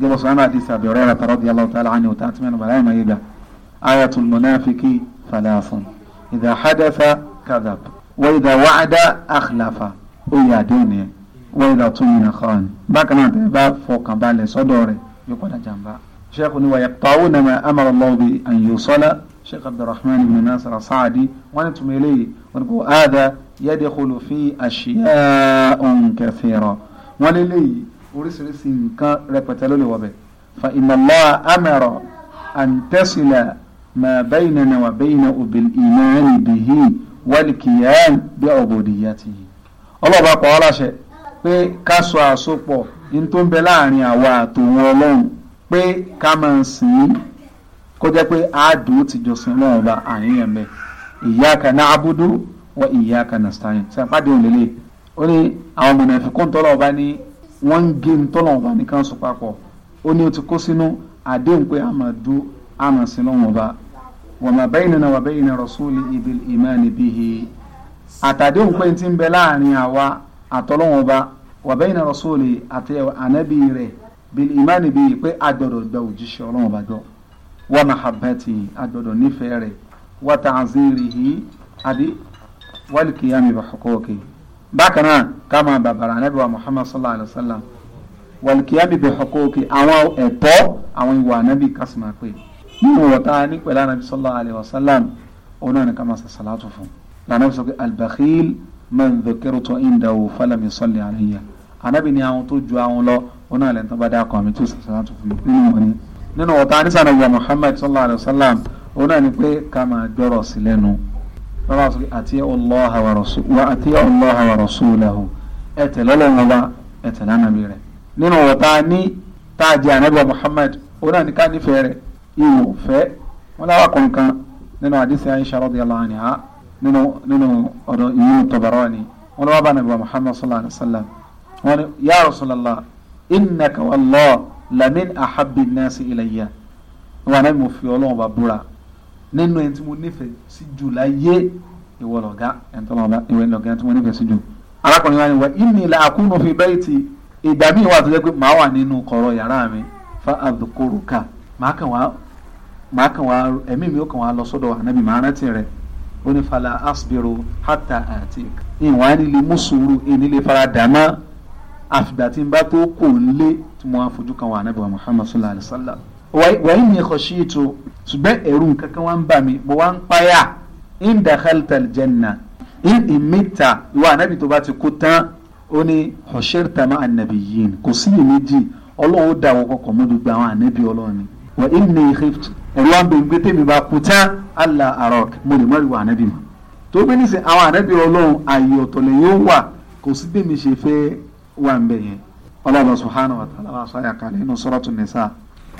gẹ́gẹ́ sọ ánà àdìsí àbẹ̀rẹ̀ ọ̀rọ̀ tààrọ̀ di aláwọ̀ tààlà àni òtá àtìmẹ́nu bàláyé máa yẹ gbà ayatul munafiki falasun ìdá hadatha kadab wọ́n ìdá wàhádà akhlafa ó yẹ àdéhùn yẹn wọ́n ìdá tún yìnyín kọ́ọ̀n bákan náà tẹ́ bá fọkàn balẹ̀ sọ́dọ̀ rẹ̀ yóò padà jàǹbá. sheikh ni wàyà pàwọ́ nàmà amara lọ́wọ́ àyùsọ́lá sheikh abdulrahman ibn nasir saadi wọ́n ti tún mẹ́lẹ́yìí wọ́n ti kó aada yadkhulu fi ashya'un kathira wọn léléyìí oríṣiríṣi nǹkan rẹpẹtẹ ló lè wọbẹ fa inna Allah amara an tasila ma baynana wa bayna bil imani bihi wal qiyam bi ubudiyyatihi ọlọ́ọ̀bá pa ọ́ láṣẹ pé ká sọ àsopọ̀ ní tó ń bẹ láàrin àwa àtòun ọlọ́run pé ká máa sìn ín kó jẹ́ pé àádùn ó ti jọsìn ọlọ́run ọba àníyàn mẹ́ iyyaka wa iyyaka nasta'in sàpàdé òlélẹ̀ ó ní àwọn mùnáfíkùn tọ́lọ̀ ọba ní wọ́n ń gé tọ́lọ̀ ọba nìkan sùn papọ̀ ó ní o ti kó sínú àdéhùn pé àmàdú àmàsìn lọ́wọ́n ọba wa ma baynana wa bayna rasuli bil imani bihi àtàdéhùn pé ti ń bẹ láàrin àwa àtọ́lọ́wọ́n ọba wa bayna rasuli àti ànábì rẹ̀ bil imani bihi pé àgbọ̀dọ̀ gba òjíṣẹ́ ọlọ́wọ́n ọba gbọ́ wa mahabbati àgbọ̀dọ̀ nífẹ̀ẹ́ rẹ̀ wal-qiyami bi huquqihi bákan náà ká máa bàbàrà ànábì wa muhammad sallallahu alayhi wa sallam wal-qiyami bi huquqihi àwọn ẹ̀tọ́ àwọn ìwà ànábì kásìmá pé nínú wọ̀tá ní pẹ̀lú ànábì sallallahu alayhi wa sallam òun náà ni ká máa sà sàlátù fún lànà bí sọ pé al-bakhil man dhukirtu indahu falam yusalli alayya ànábì ni àwọn tó ju àwọn lọ òun náà lẹ́nu tó bá dáa kọ́ àmì tó sà sàlátù fún nínú wọn ni nínú wọ̀tá ní sànà wa muhammad sallallahu alayhi wa sallam òun náà ni pé ká máa gbọ́rọ̀ sí lẹ́nu lọ́wọ́ sọ pé àti Allah wa rasulahu àti Allah wa rasulahu ẹ tẹ̀lé Ọlọ́run wa ẹ tẹ̀lé ànábì rẹ̀ nínú ọ̀tá ní tá a jẹ ànábì wa Muhammad òun náà ní ká nífẹ̀ẹ́ rẹ̀ ìwò fẹ́ wọn láwa kọ̀ọ̀kan nínú àdìsí Aisha radiyallahu anha nínú nínú ọ̀dọ̀ ìlú Tabarani wọn lọ́wọ́ náà mo fi Ọlọ́run bá búra nínú ẹni tí mo nífẹ̀ẹ́ sí jù láyé ìwọ lọ̀gá ẹni tó lọ̀gá ìwọ lọ̀gá tí mo nífẹ̀ẹ́ sí jù. arákùnrin wa ni wà ìní ìlà àkúnnù fi bẹ́ẹ̀ ti ìgbà míì wà tó jẹ́ pé màá wà nínú kọ̀rọ̀ yàrá mi fa àdùkòrùkà màá kàn wá ẹ̀mí mi ó kàn wá lọ sọ́dọ̀ ànábì màá rántí rẹ̀ ó ní fala asbiru hatta atik ìwọ̀n á nílé mùsùlùmí ẹni lè fara dàmá àfìgbà tí n bá tó kò ń lé tí mo á fojú kan wà ànábì wa muhammad sallallahu alayhi wa sallam wàyí ni ìkọ̀ṣí ètò ṣùgbọ́n ẹ̀rù kankan wá ń bà mí mo wá ń páyà in dakhalta aljanna in imita ìwà ànábì tó bá ti kú tán ó ní hushirta ma'a nabiyyin kò sí ìmẹ́jì ọlọ́run ó dà wọ́n kọ̀ọ̀kan mọ́ gbogbo àwọn ànábì ọlọ́run ni wa inni khiftu ẹ̀rọ àwọn gbẹ̀ngbẹ̀ tèmi bá kú tán allah arok mo lè mọ́rìwá ànábì mọ́ tó gbé ní sẹ́ àwọn ànábì ọlọ́run ààyè ọ̀tọ̀ lè yóò wà kò sí bẹ́ẹ̀ ṣe fẹ́ wà ń bẹ̀ yẹn ọlọ́run subhanahu wa ta'ala wa sọ àyàkálẹ̀ nínú suratu nisa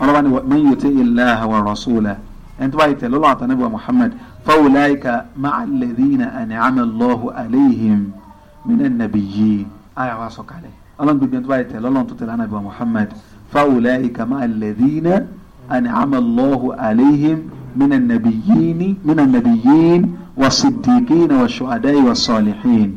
ọlọ́wà ni man yuti illaha wa rasulahu ẹni tó bá yìí tẹ̀lé ọlọ́wà tánàbí wa muhammad fawulaika ma'a alladhina an'ama allahu alayhim minan nabiyyin ayà wa sọ̀kalẹ̀ ọlọ́run gbogbo ẹni tó bá yìí tẹ̀lé ọlọ́run tó tẹ̀lé ànàbí wa muhammad fawulaika ma'a alladhina an'ama allahu alayhim minan nabiyyin minan nabiyyin والصديقين والشهداء والصالحين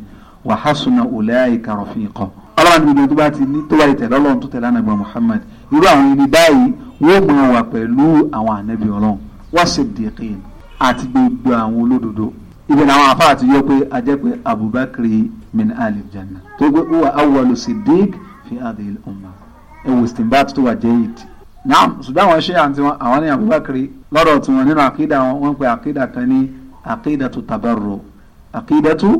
وحسن أولئك رفيقا. ọlọ́run ní gbogbo tó bá ti ní tó bá ti tẹ̀lé ọlọ́run tó tẹ̀lé ànábì Muhammad irú àwọn ẹni báyìí yóò mọ wà pẹ̀lú àwọn ànábì ọlọ́run wá siddiqin àti gbogbo àwọn olódodo ibẹ̀ ni àwọn afárá ti yọ pé a jẹ́ pé abubakar min ali janna tó gbé wà awwalu siddiq fi hadhihi al-umma ẹ wò stinbat tó wà jayid naam ṣùgbọ́n àwọn ṣé àǹtí wọn àwọn ní abubakar lọ́dọ̀ tí wọn nínú àkídà wọn wọ́n pe àkídà kan ní àkídàtu tabarru àkídàtu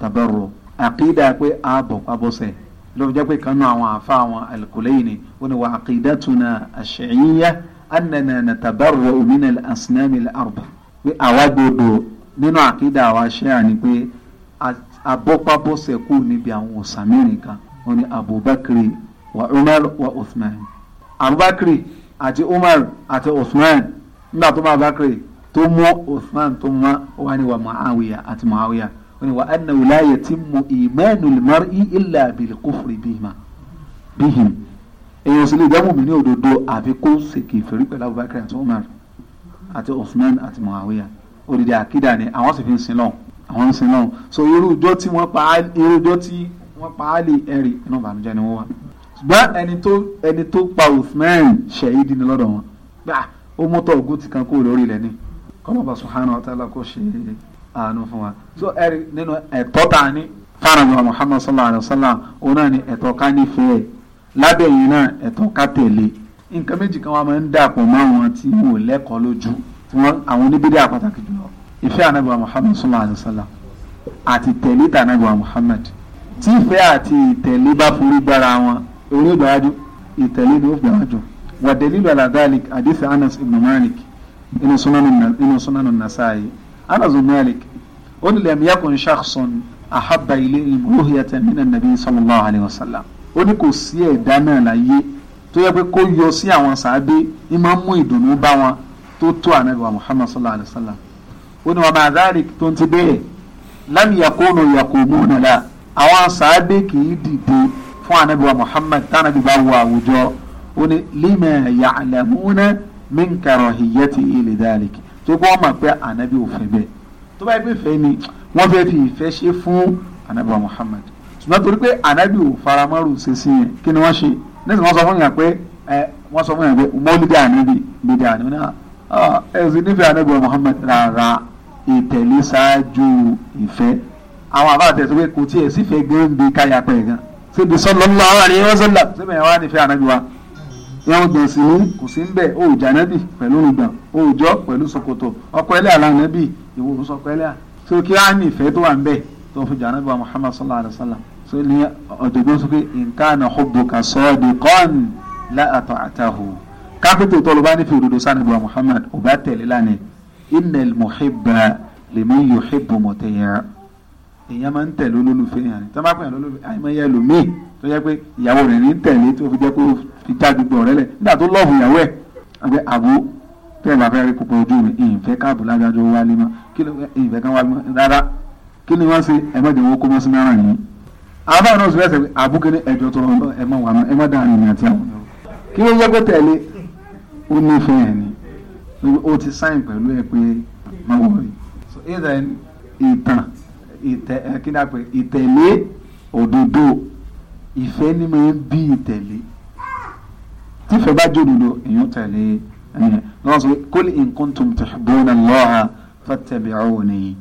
tabarru àkídà pé ààbọ̀ pàbọ̀sẹ̀ lọ́wọ́ jẹ́ pé kanú àwọn àfa àwọn al-Kulayni wọn wà aqidatuna ash-shi'iyya annana natabarra'u min al-asnam al-arba pé àwa gbọ́dọ̀ nínú àkídà àwa ṣẹ́yà ni pé abọ́pábọ́sẹ̀ kù níbi àwọn ọ̀sán mẹ́rin kan wọn ni abubakar wa umar wa uthman abubakar àti umar àti uthman nígbà tó bá abubakar tó mú uthman tó mú wa ni wa muawiya àti muawiya wọn ni wa annahu la yatimmu imanul mar'i illa bil kufri bihima bihim èèyàn sì lè dẹ́kun mi ní òdodo àfi kó ṣèké ìfẹ́rí pẹ̀lú Abubakar àti Umar àti Usman àti Muawiya odidi akida ni àwọn sì fi ń sin lọ́hùn àwọn ń sin lọ́hùn so irú ọjọ́ tí wọ́n pa á irú ọjọ́ tí wọ́n pa á lè ẹ̀rì inú ìbànújẹ́ ni wọ́n wà ṣùgbọ́n ẹni tó ẹni tó pa Usman ṣẹ̀yìdì ni lọ́dọ̀ wọn gbà ó mọ́tò ogun ti kan kó lórí ilẹ̀ ni kọ́lọ́ba subhanahu wa ta'ala kò ṣe àánú fún wa so ẹ̀rì nínú ẹ̀tọ́ ta ni fáwọn ọmọ Muhammad sallallahu alayhi wa sallam òun náà ni ẹ̀tọ́ ká nífẹ̀ẹ́ lábẹ́ yìí náà ẹ̀tọ́ ká tẹ̀lé nǹkan méjì kan wà máa ń dàpọ̀ mọ́ àwọn tí wọn ò lẹ́kọ̀ọ́ lójú tí wọ́n àwọn oníbídẹ́ àpàtàkì jùlọ ìfẹ́ anábìwá Muhammad sallallahu alayhi wa sallam àti tẹ̀lé tànábìwá Muhammad tí ìfẹ́ àti ìtẹ̀lé bá forí gbára wọn orí gbàájú ìtẹ̀lé ni ó gbàájú wà dalilu ala dhalik hadith Anas ibn Malik inú sunanu Nasa'i Anas ibn Malik ó ní lam yakun shakhsun ahabba ilayhi ruhiyatan min an-nabi sallallahu ó ní kò sí ẹ̀dá náà láyé tó yẹ pé kó yọ sí àwọn sàábé ní máa ń mú ìdùnnú bá wọn tó tó ànábì wa Muhammad sallallahu alayhi wa sallam ó ní wọn máa dárí tó ń ti bẹ́ẹ̀ lam yakunu yakumuna la àwọn sàábé kì í dìde fún ànábì wa Muhammad tánàbí bá wọ àwùjọ ó ní lima ya'lamuna min karahiyatihi li dhalik tó bọ́ ọmọ pé ànábì ò bẹ́ẹ̀ tó bá yẹ pé fẹ́ ni wọ́n fẹ́ fi ìfẹ́ ṣe fún ànábì Muhammad ṣùgbọ́n torí pé ànábì ò faramọ́rù ṣe yẹn kí ni wọ́n ṣe nígbà wọ́n sọ fún yàn pé ẹ wọ́n sọ fún yàn pé mọ́lídé ànábì gbèdé ànábì náà ah, ah, ẹ sì nífẹ̀ẹ́ ànábì Muhammad rárá ìtẹ̀lé ṣáájú ìfẹ́ àwọn àbá àtẹ̀sí pé kò tiẹ̀ sífẹ̀ẹ́ gbẹ́ǹde káyà pẹ̀ gan síbi sallallahu alaihi wasallam síbẹ̀ yẹn wá nífẹ̀ẹ́ ànábì wa yẹn gbọ̀n sí ní kò sí ń bẹ̀ ó jànábì pẹ̀lú olùgbà ó jọ pẹ̀lú ṣòkòtò ọkọ̀ ẹlẹ́ àlànàbì ìwòrán sọkọ̀ ẹlẹ́ à tí ó kí á nífẹ̀ẹ́ tó wà ń bẹ́ẹ̀ tó fi jàǹdà bá muhammad sallallahu alayhi wa sallam so ní ọ̀dọ́gbọ́n sọ pé nǹkan hubbuka sadiqan la ata'tahu kápẹ́tì tọ́lọ́ bá nífi òdodo sani bá muhammad ò bá tẹ̀lé lánàá innal muhibba liman yuhibbu muti'a èèyàn máa ń tẹ̀lé olólùfẹ́ yẹn tó bá pè é lólùfẹ́ àìmọ́ yẹ lómii tó yẹ pé ìyàwó rẹ̀ ní tẹ̀lé tó fi jẹ́ kó fi já gbogbo ọ̀rẹ́ lẹ̀ nígbà tó lọ́ọ̀bù ìyàwó ẹ̀ àgbẹ̀ àbò tẹ́ bá fẹ́ rí kókó ojú mi ìyìnfẹ́ káàbù lágbájọ wálé mọ́ kí ló ń fẹ́ kán wálé mọ́ rárá kí ni wọ́n ṣe ẹ má jẹ́ wọn kó mọ́ sí náírà yìí àbá náà sọ ẹsẹ̀ àbúkẹ́ni ẹ̀jọ̀ tó lọ ẹ má wà ẹ má dáhùn ìrìn àti àwọn kí ló yẹ pé tẹ̀lé ó nífẹ̀ẹ́ ẹ̀ ni ó ti sáyìn pẹ̀lú ẹ pé má wọ̀ rí ìtàn ìtàn kí ni a ìtẹ̀lé òdodo ìfẹ́ ni mo ń bí ìtẹ̀lé tífẹ̀ bá jó òdodo èèyàn tẹ̀lé ẹ̀ lọ́wọ́ sọ kul in kuntum tuhibbuna Allaha fattabi'uni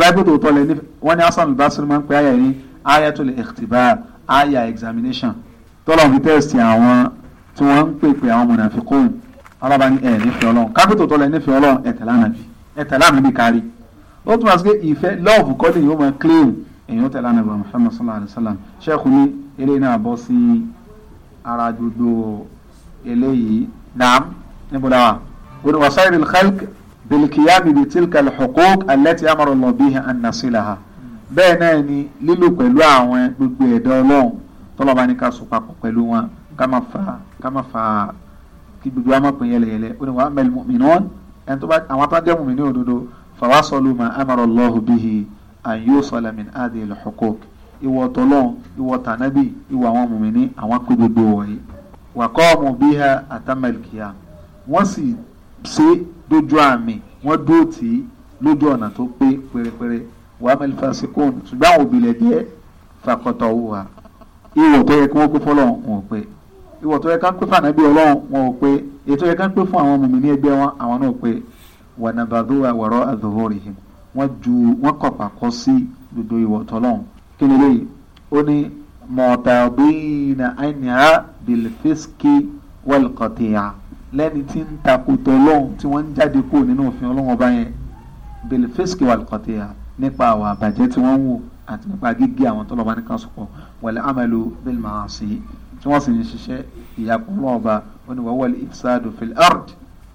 láìpẹ́ tó tọ́lẹ̀ nífẹ̀ẹ́ wọ́n ní hasan al-basri máa ń pe àyà ní ayatul ikhtibar àyà examination tọ́lọ̀ fi tẹ́sì àwọn tí wọ́n ń pè pé àwọn munafiqun alábà ní ẹ̀ nífẹ̀ẹ́ ọlọ́run kápẹ́tò tọ́lẹ̀ nífẹ̀ẹ́ ọlọ́run ẹ̀tẹ̀lá nàbì ẹ̀tẹ̀lá nàbì kárí ó túmọ̀ sí pé ìfẹ́ lọ́ọ̀fù kọ́lé yóò máa claim èèyàn tẹ̀lá náà bọ́ wọ́n wọ́n bilkiyami بتلك الحقوق التي allati الله Allah biha نصلها. nasilaha bẹ́ẹ̀ náà ni lílò pẹ̀lú àwọn gbogbo ẹ̀dá ọlọ́run tọ́lọ́ba ní ká so papọ̀ pẹ̀lú wọn ká má fa ká má fa kí gbogbo wa má pín yẹlẹyẹlẹ ó ní wa amal mu'minun ẹni tó bá àwọn tó bá jẹ́ mùmínú òdodo fawasalu ma amara Allahu bihi an yusala min adil huquq ìwọ tọ́lọ́run ìwọ tànábì ìwọ àwọn mùmínú àwọn pé gbogbo wọ̀nyí waqamu biha atamal qiyam wọ́n ṣe dojú àmì wọ́n dúró tì í lójú ọ̀nà tó pé pérépéré wàá mẹ́lì fásikún ṣùgbọ́n àwọn òbí lẹ̀ díẹ̀ fàkọ̀tọ̀ wùwà ìwọ̀ tó yẹ kí wọ́n pé fọlọ́run wọn ò pé ìwọ̀ tó yẹ ká pé fànà bí ọlọ́run wọn ò pé ètò yẹ ká pé fún àwọn mùmí ní ẹgbẹ́ wọn àwọn náà pé wànàbàdó àwọ̀rọ̀ àdòhórì yìí wọ́n ju wọ́n kọ̀pà kọ́ sí gbogbo ìwọ̀ tọ́lọ́run kí ni léyìí ó ní mọ̀ọ́tà na àìníhà bìlfẹ́sìkì wọ́lùkọ̀tìyà lẹ́ni tí ń takòtò ọlọ́run tí wọ́n ń jáde kúrò nínú òfin ọlọ́run ọba yẹn bẹ̀lẹ̀ fẹ́sìkì wà lùkọ́tẹ́ yà nípa àwọn àbàjẹ́ tí wọ́n ń wò àti nípa gígé àwọn tó lọ́ba ní kan sọ̀kọ̀ wọlé amẹ́lu bẹ́ẹ̀ máa sí i tí wọ́n sì ń ṣiṣẹ́ ìyàpọ̀ ọba wọn ni wọ́n wọlé ifsadu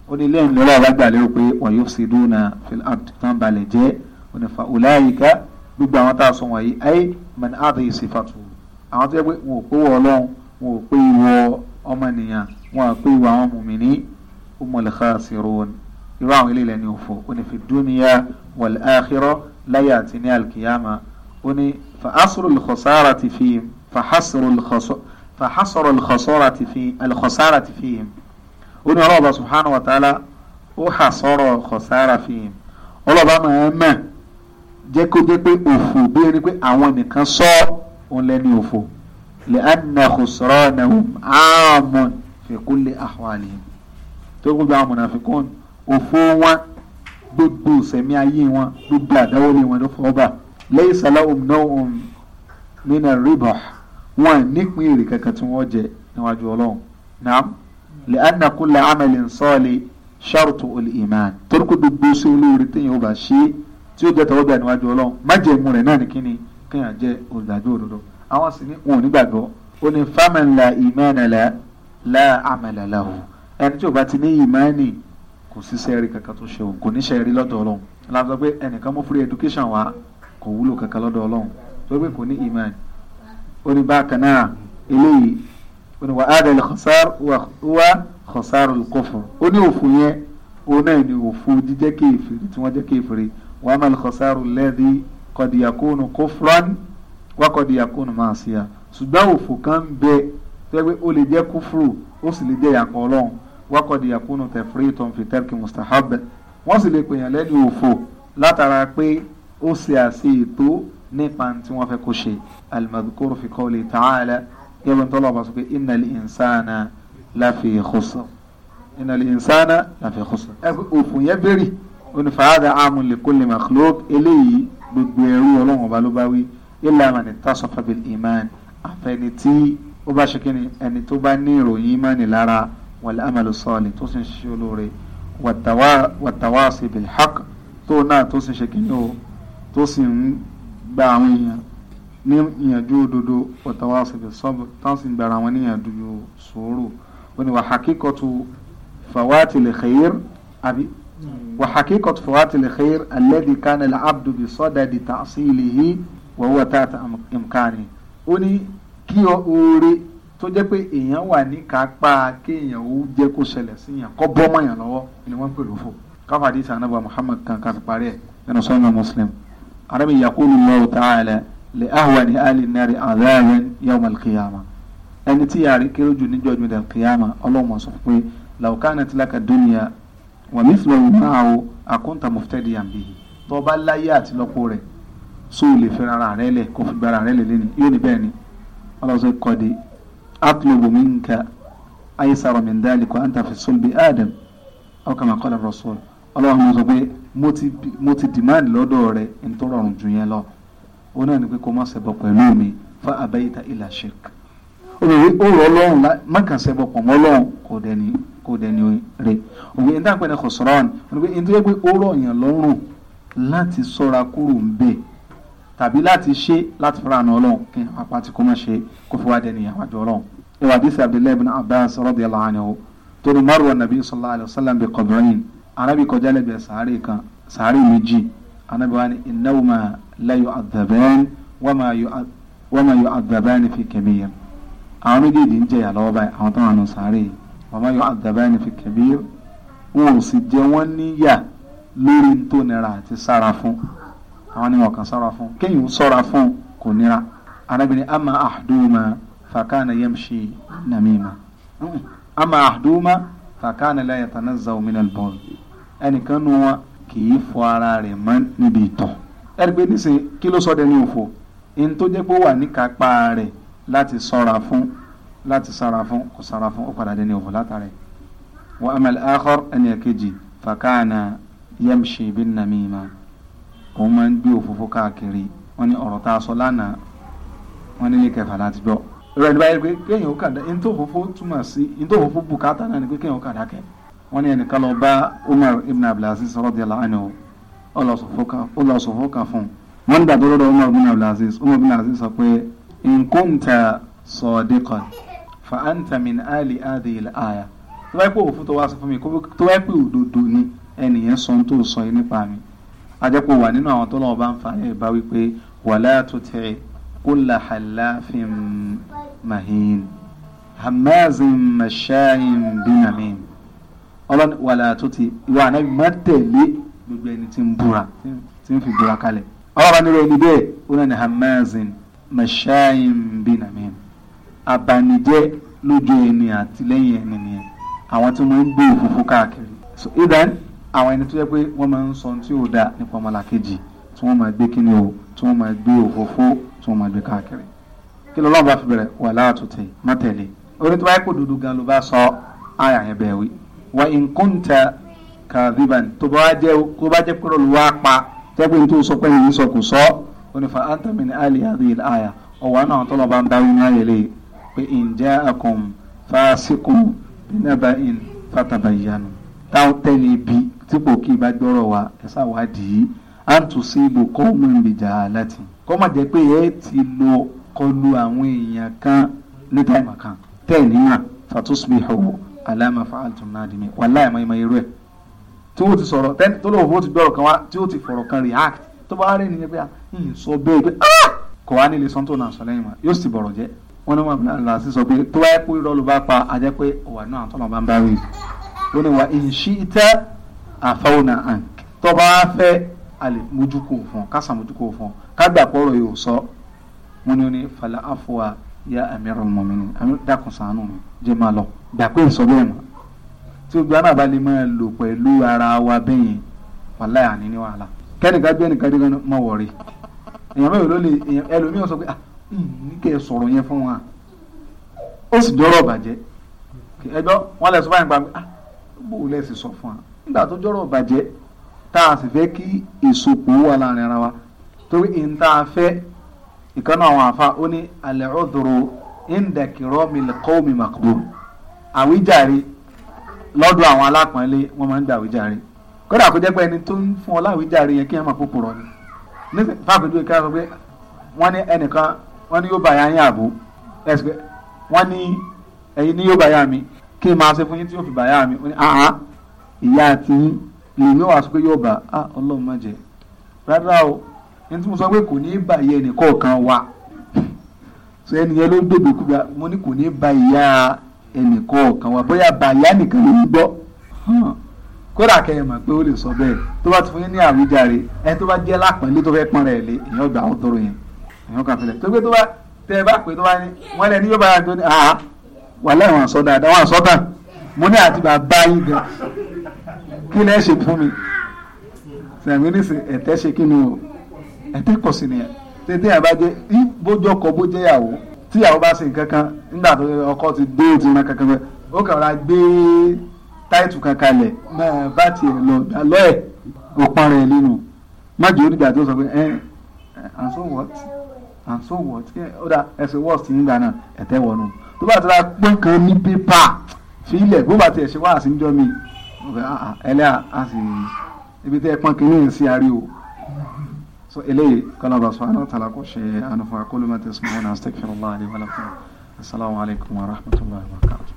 ó ní ilé ìlú ọlọ́run gbà lérò pé wọ́n yóò sì dúnà fil tán balẹ̀ jẹ́ wọn ni fa ọláyíká gbogbo àwọn tá a sọ wọ̀nyí ayé mẹ́ni àdéhìí sífàtù àwọn tó yẹ pé wọn ò pé wọ ọlọ́run wọn ò pé ìwọ ọmọnìyàn wọn àpé ìwà àwọn mùmìnì umul khasirun irú àwọn ilé ilẹ̀ ní òfò ó ní fi dúnìyà wal akhirah láyé àti ní alkiyama ó ní fa asru al-khasarati fihim fa hasru al-khasarati fihim ó ní ọlọ́ọ̀bá subhanahu wa ta'ala ó hasara khasara fihim ọlọ́ọ̀bá máa ń mẹ́ jẹ́ kó jẹ́ pé òfò bí ẹni pé àwọn nìkan sọ òun lẹ́ni òfò. لأن خسرانهم عام في كل أحوالهم tó gbogbo àwọn mọ̀nàfikún òfò wọn gbogbo sẹ̀mí ayé wọn gbogbo àdáwọlé wọn ló fọwọ́ bà lẹ́yìn sàlọ́hùn náà òun nínú rìbọ̀ wọn nípìn èrè kankan tí wọ́n jẹ níwájú ọlọ́run náà لأن كل عمل صالح شرط الإيمان torí kó gbogbo sí olóore téèyàn ó bá ṣe tí ó jẹ́ tọ́wọ́ bí àníwájú ọlọ́run májẹ̀mú rẹ̀ náà ní kíni kéèyàn jẹ́ olùdájọ́ òdodo àwọn sì ní wọn ò ní gbàgbọ́ ó ní faman la imana la la amala lahu ẹni tí ò bá ti ní ìmánì kò sí sẹ́ẹ̀rì kankan tó ṣe òun kò ní sẹ́ẹ̀rì lọ́dọ̀ ọlọ́run láti sọ pé ẹnìkan mú free education wá kò wúlò kankan lọ́dọ̀ ọlọ́run tó pé kò ní ìmánì ó ní bákan náà eléyìí ó ní wàhálà ilẹ̀ khasar wà khasar al-kufr ó ní òfò yẹn òun náà ni òfò jíjẹ́ kéèfèrè tí wọ́n jẹ́ kéèfèrè wàhálà khasar alladhi qad yakunu kufran wákọ̀dí yakunu máa sí a ṣùgbọ́n òfò kan bẹ tẹ́gbẹ́ ó lè jẹ́ kúfúrú ó sì lè jẹ́ yàpọ̀ ọlọ́run wákọ̀dí yakunu tẹ̀fúrí tó ń fi tẹ́rkì mustahab wọ́n sì lè pèèyàn lẹ́nu òfò látara pé ó ṣe àṣe ètò nípa tí wọ́n fẹ́ kó ṣe alimadukoro fi qawli ta'ala yẹ́bù ń tọ́lọ̀ bá sọ pé insana láfi khusr innal insana láfi khusr òfò yẹn bẹ̀rì onífàádà amúlẹ̀kọ́lẹ̀ makhluq eléyìí gbogbo ẹrú ọlọ́run ọba ló bá wí illa man ittasafa bil iman àfẹni tí ó bá ṣe kíni ẹni tó bá ní ìròyìn imani lára wal amalu salih tó sì ń ṣe olóore wattawasi bil haqq tó náà tó sì ń ṣe kíni o tó sì ń gba àwọn èèyàn ní ìyànjú òdodo wattawasi bis sabr tó sì ń gba ara wọn ní ó ní wa haqiqatu fawati li khair وحقيقة فوات الخير الذي كان العبد بصدد تحصيله wọ́wọ́ tààtà ìmùkárì ó ní kí oore tó jẹ́ pé èèyàn wà ní kápá kéèyàn ó jẹ́ kó ṣẹlẹ̀ sí yàn kọ́ bọ́mọ̀ yàn lọ́wọ́ ni wọ́n ń pè lófò káfàdí sànàbà Muhammad kan káfí parí ẹ̀ nínú sọ́nà Muslim arábì yakulu lọ́wọ́ tààlà lè áhùwà ní àlè nàrí àdáyẹn yawmal qiyama ẹni tí yàrá kéré jù níjọ́ ju dal qiyama ọlọ́mọ sọ pé làwùkánà tilaka dúnìyà wàmísìlọ́wù máa wo àkúntà mọ̀fẹ́dìyàn bíi tọ́ba láyé àtìlọ́pọ̀ rẹ̀ so lè fẹ́ ara rẹ lẹ̀ kó fi gba ara rẹ lẹ̀ lẹ́nu yóò ní bẹ́ẹ̀ ni ọlọ́sọ kọ́de atlubu minka aysara min dhalika wa anta fi sulbi adam aw kama qala rasul ọlọ́run mo sọ pé mo ti demand lọ́dọ̀ rẹ ntọ́rọ̀rùn jù yẹn lọ ó náà ni pé kó má ṣẹbọ pẹ̀lú mi fa abayta illa shirk obìnrin ó rọ ọlọ́run má kàn ṣẹbọ pọ̀ mọ́ ọlọ́run kò dẹ̀ kò dẹ̀ ní rè òwe ẹ̀ńdà pẹ̀lẹ́ kò sọ̀rọ̀ ọ̀nà òwe ẹ̀ńdà pé ó rọ̀ yàn lọ́rùn láti sọ́ra kúrò ń bẹ́ẹ̀ tàbí láti ṣe láti fara àna ọlọ́run kí àwọn apáti kó má ṣe kó fi wá dẹni àwọn àjọ ọlọ́run. ìwà àdìsí abdullahi bin abbas radiyallahu anhu torí mọ́rùwá nàbí sallallahu alayhi wa sallam bi qabrayn arábì kọjá lẹ́gbẹ̀ẹ́ sàárè kan sàárè méjì anábì wa ni innahuma la yu'adhaban wa ma yu'adhaban fi kabir àwọn méjèèjì ń jẹyà lọ́wọ́ báyìí àwọn tó wà nù sàárè wa ma yu'adhaban fi kabir wọn ò sì jẹ wọ́n níyà lórí ntònira àti sára fún àwọn ni wọn kàn sọ́ra fún kéyìn sọ́ra fún kò nira arábìnrin ama ahduma fakana yamshi namima hmm. ama ahduma fakana la yatanazzaw min al-bawl ẹnìkan nu wọn kì í fọ ara rẹ̀ mọ́ níbi ìtọ̀ ẹ̀rí pé nísìnyí kí ló sọ dẹni òfò ẹni tó jẹ́ pé ó wà níkápá rẹ̀ láti sọ́ra fún láti sára fún kò sára fún ó padà dẹni òfò látàrẹ̀ wa amal akhar ẹni ẹ̀kejì fakana yamshi bin namima òun máa ń gbé òfófó káàkiri wọ́n ní ọ̀rọ̀ tá a sọ lánàá wọ́n nílé kẹfà láti gbọ́ ìrọ̀ ìdíbà yẹn pé kéèyàn ó kàdá ní tó òfófó túmọ̀ sí ní tó òfófó bùkátà náà ni pé kéèyàn ó kàdá kẹ wọ́n ní ẹnìkan lọ bá Umar ibn Abdulaziz radiyallahu anhu ó lọ sọ̀fọ́ kan fún un wọ́n nígbà tó lọ́dọ̀ Umar ibn Abdulaziz Umar ibn Abdulaziz sọ pé in kunta sadiqan fa anta min ali adil aya tó bá yẹ pé òfófó tó wá sọ fún mi tó bá yẹ pé òdodo ni ẹnìyẹn sọ tó sọ yìí nípa mi ajẹ́pọ̀ wà nínú àwọn tó lọ́wọ́ bá ń fa ẹ̀ bá wípé wàlá tuti kulla halafin mahin hamazin mashahin binamin ọlọ́ni wàlá tuti ìwà ànábi má tẹ̀lé gbogbo ẹni tí ń búra tí ń fi búra kalẹ̀ ọlọ́ba nílò ẹni bẹ́ẹ̀ ó náà ní hamazin mashahin binamin abanijẹ́ lójú ẹni àtìlẹ́yìn ẹni nìyẹn àwọn tí wọ́n ń gbé òfófó káàkiri so idan àwọn ẹni tó yẹ pé wọ́n máa ń sọ tí ò dáa nípa ọmọlàkejì tí wọ́n máa gbé kíni o tí wọ́n máa gbé òfófó tí wọ́n máa gbé káàkiri kí lọ́lọ́ bá fi bẹ̀rẹ̀ wà láàtúntì má tẹ̀lé orí tó wáyé kó dúdú gan ló bá sọ àyà yẹn bẹ̀ wí. wà ìǹkóńtà kàdíban tó bá jẹ́ tó bá jẹ́ pé lọ́lọ́ wá pa jẹ́ pé nítorí sọ pé nìyí sọ kò sọ ó ní fa antamin ali adil aya ọ̀wá náà tó bá ń dáwí ní in fatabayanu táwọn tẹ́lẹ̀ bíi tí kò kí bá gbọ́rọ̀ wa ẹ ṣàwádìí àtúnṣe ibò kọ́ọ̀mù ìgbèjà láti kọ́ má jẹ́ pé ẹ ti lọ kọlu àwọn èèyàn kan ní táìmù kan tẹ́ ẹ̀ níyàn fatusbihu alama fa'altum nadimi wàláì mọ̀ ìmọ̀ irú ẹ̀ tí ó ti sọ̀rọ̀ tẹ́ni tó lóun ó ti gbọ́rọ̀ kan wá tí ó ti fọ̀rọ̀ kan react tó bá rí nìyẹn pé yìí ah, sọ bẹ́ẹ̀ pé ah! kò wá nílé sọ́ńtò náà sọ lẹ́yìn mọ́ yóò sì bọ̀rọ̀ jẹ́ wọ́n ní wọn là sí sọ pé tó bá yẹ kó irọ́ ló bá pa àjẹ́ pé náà tọ́lọ̀ bá ń bá rí i ó wa in shi'ta àfáwọnà àn tọba wa fẹ́ alẹ mójúkò fún kásà mójúkò fún kágbà pọrọ yóò sọ wọn ni wọn ni fàlà àfọwà ya amirul mu'minin dákun ṣàánú mi jẹ́ máa lọ gbà pé ìsọ bẹ́ẹ̀ mọ́ tí o gba náà bá lè máa lò pẹ̀lú ara wa bẹ́yìn wàláyà ní Ni wàhálà kẹ́nìkan bí ẹnìkan dé ganan mọ̀ èèyàn mẹ́rin ló lè ẹlòmíràn sọ pé ah ní kẹ́ ẹ sọ̀rọ̀ yẹn fún wa ó sì dọ́rọ̀ bàjẹ́ ẹjọ́ wọn lè báyìí gbàgbé ah bó o lè sì sọ fún wa nígbà tó jọ́rọ̀ bàjẹ́ tá a sì fẹ́ kí ìsopọ̀ wà láàrin ara wa torí ìta fẹ́ ìkànnà àwọn àfa ó ní alẹ́ ọ̀dọ̀rọ̀ ìndẹ̀kìrọ̀ mílíkọ́ọ̀mì màkúrò àwíjàre lọ́dọ̀ àwọn alápọ̀nlé wọ́n máa ń gba àwíjàre kódà kó jẹ́ pé ẹni tó ń fún ọ láwíjàre yẹn kí ẹ máa pòpòrọ̀ ni ní fàpẹ́jọ́ ìka sọ pé wọ́n ní ẹnìkan wọ́n ní yóò bá yáyín àbò wọ́n ní ẹ̀yin ní yóò bá yá mi kí n máa ṣe fún yín tí yóò fi bá yá mi ó ní àhán ìyá àti lèmi wà sọ pé yóò bá a ah, ọlọ́run má jẹ rárá o ẹni tí mo sọ pé kò ní í bà ìyá ẹnì kọ̀ọ̀kan wa sọ ẹni yẹn ló gbègbè kúgbà mo ní kò ní í bà ìyá ẹnì kọ̀ọ̀kan wa bóyá bà ìyá nìkan ló ń gbọ́ kódà kẹ́ ẹ mọ̀ pé ó lè sọ bẹ́ẹ̀ tó bá ti fún yín ní àwíjàre ẹni tó bá jẹ́ lápẹ́lẹ́ tó fẹ́ pọ́n rẹ̀ lé èèyàn gbà ó tọrọ yẹn èèyàn kà fẹ́lẹ̀ tó gbé tó bá tẹ ẹ bá pè tó bá ní wọ́n lẹ́ni yóò bá yà ní àá wà lẹ́wọ̀n sọ dáadáa wọ́n mo ní àti bàbá yín gan kí lẹ́ ṣe fún mi sàmì ní sìn ẹ̀tẹ́ ṣe kí ni o ẹ̀tẹ́ kọ̀ sí ni ẹ̀ tètè yàrá jẹ́ bójú ọkọ̀ bójú ìyàwó tíyàwó bá ṣe nǹkan kan nígbà tó ọkọ ti dé ti ran kankan pẹ́ ó kàn ra gbé táìtù kan kalẹ̀ máa bá tiẹ̀ lọ lọ ẹ̀ òpọn rẹ̀ nínú má jòó nígbà tó sọ pé ẹ and so what and so what ó dà ẹsẹ̀ wọ́ọ̀sì ti nígbà náà ẹ̀tẹ́ wọnú tó bá ti ra pín kan ní pépà fílẹ̀ bó bá tiẹ̀ ṣe wá àsìnjọ́ mi Ah, ah, ẹlẹ́ a sì ibi tẹ́ ẹ pọ́n sí ari so eléyìí kọlọ́ba subhanahu wa ta'ala kò ṣe ànàfọ̀ akólúmọ̀tẹ́sùmọ́ náà astaghfirullah li wa lakum assalamu alaikum wa rahmatullahi wa barakatuh.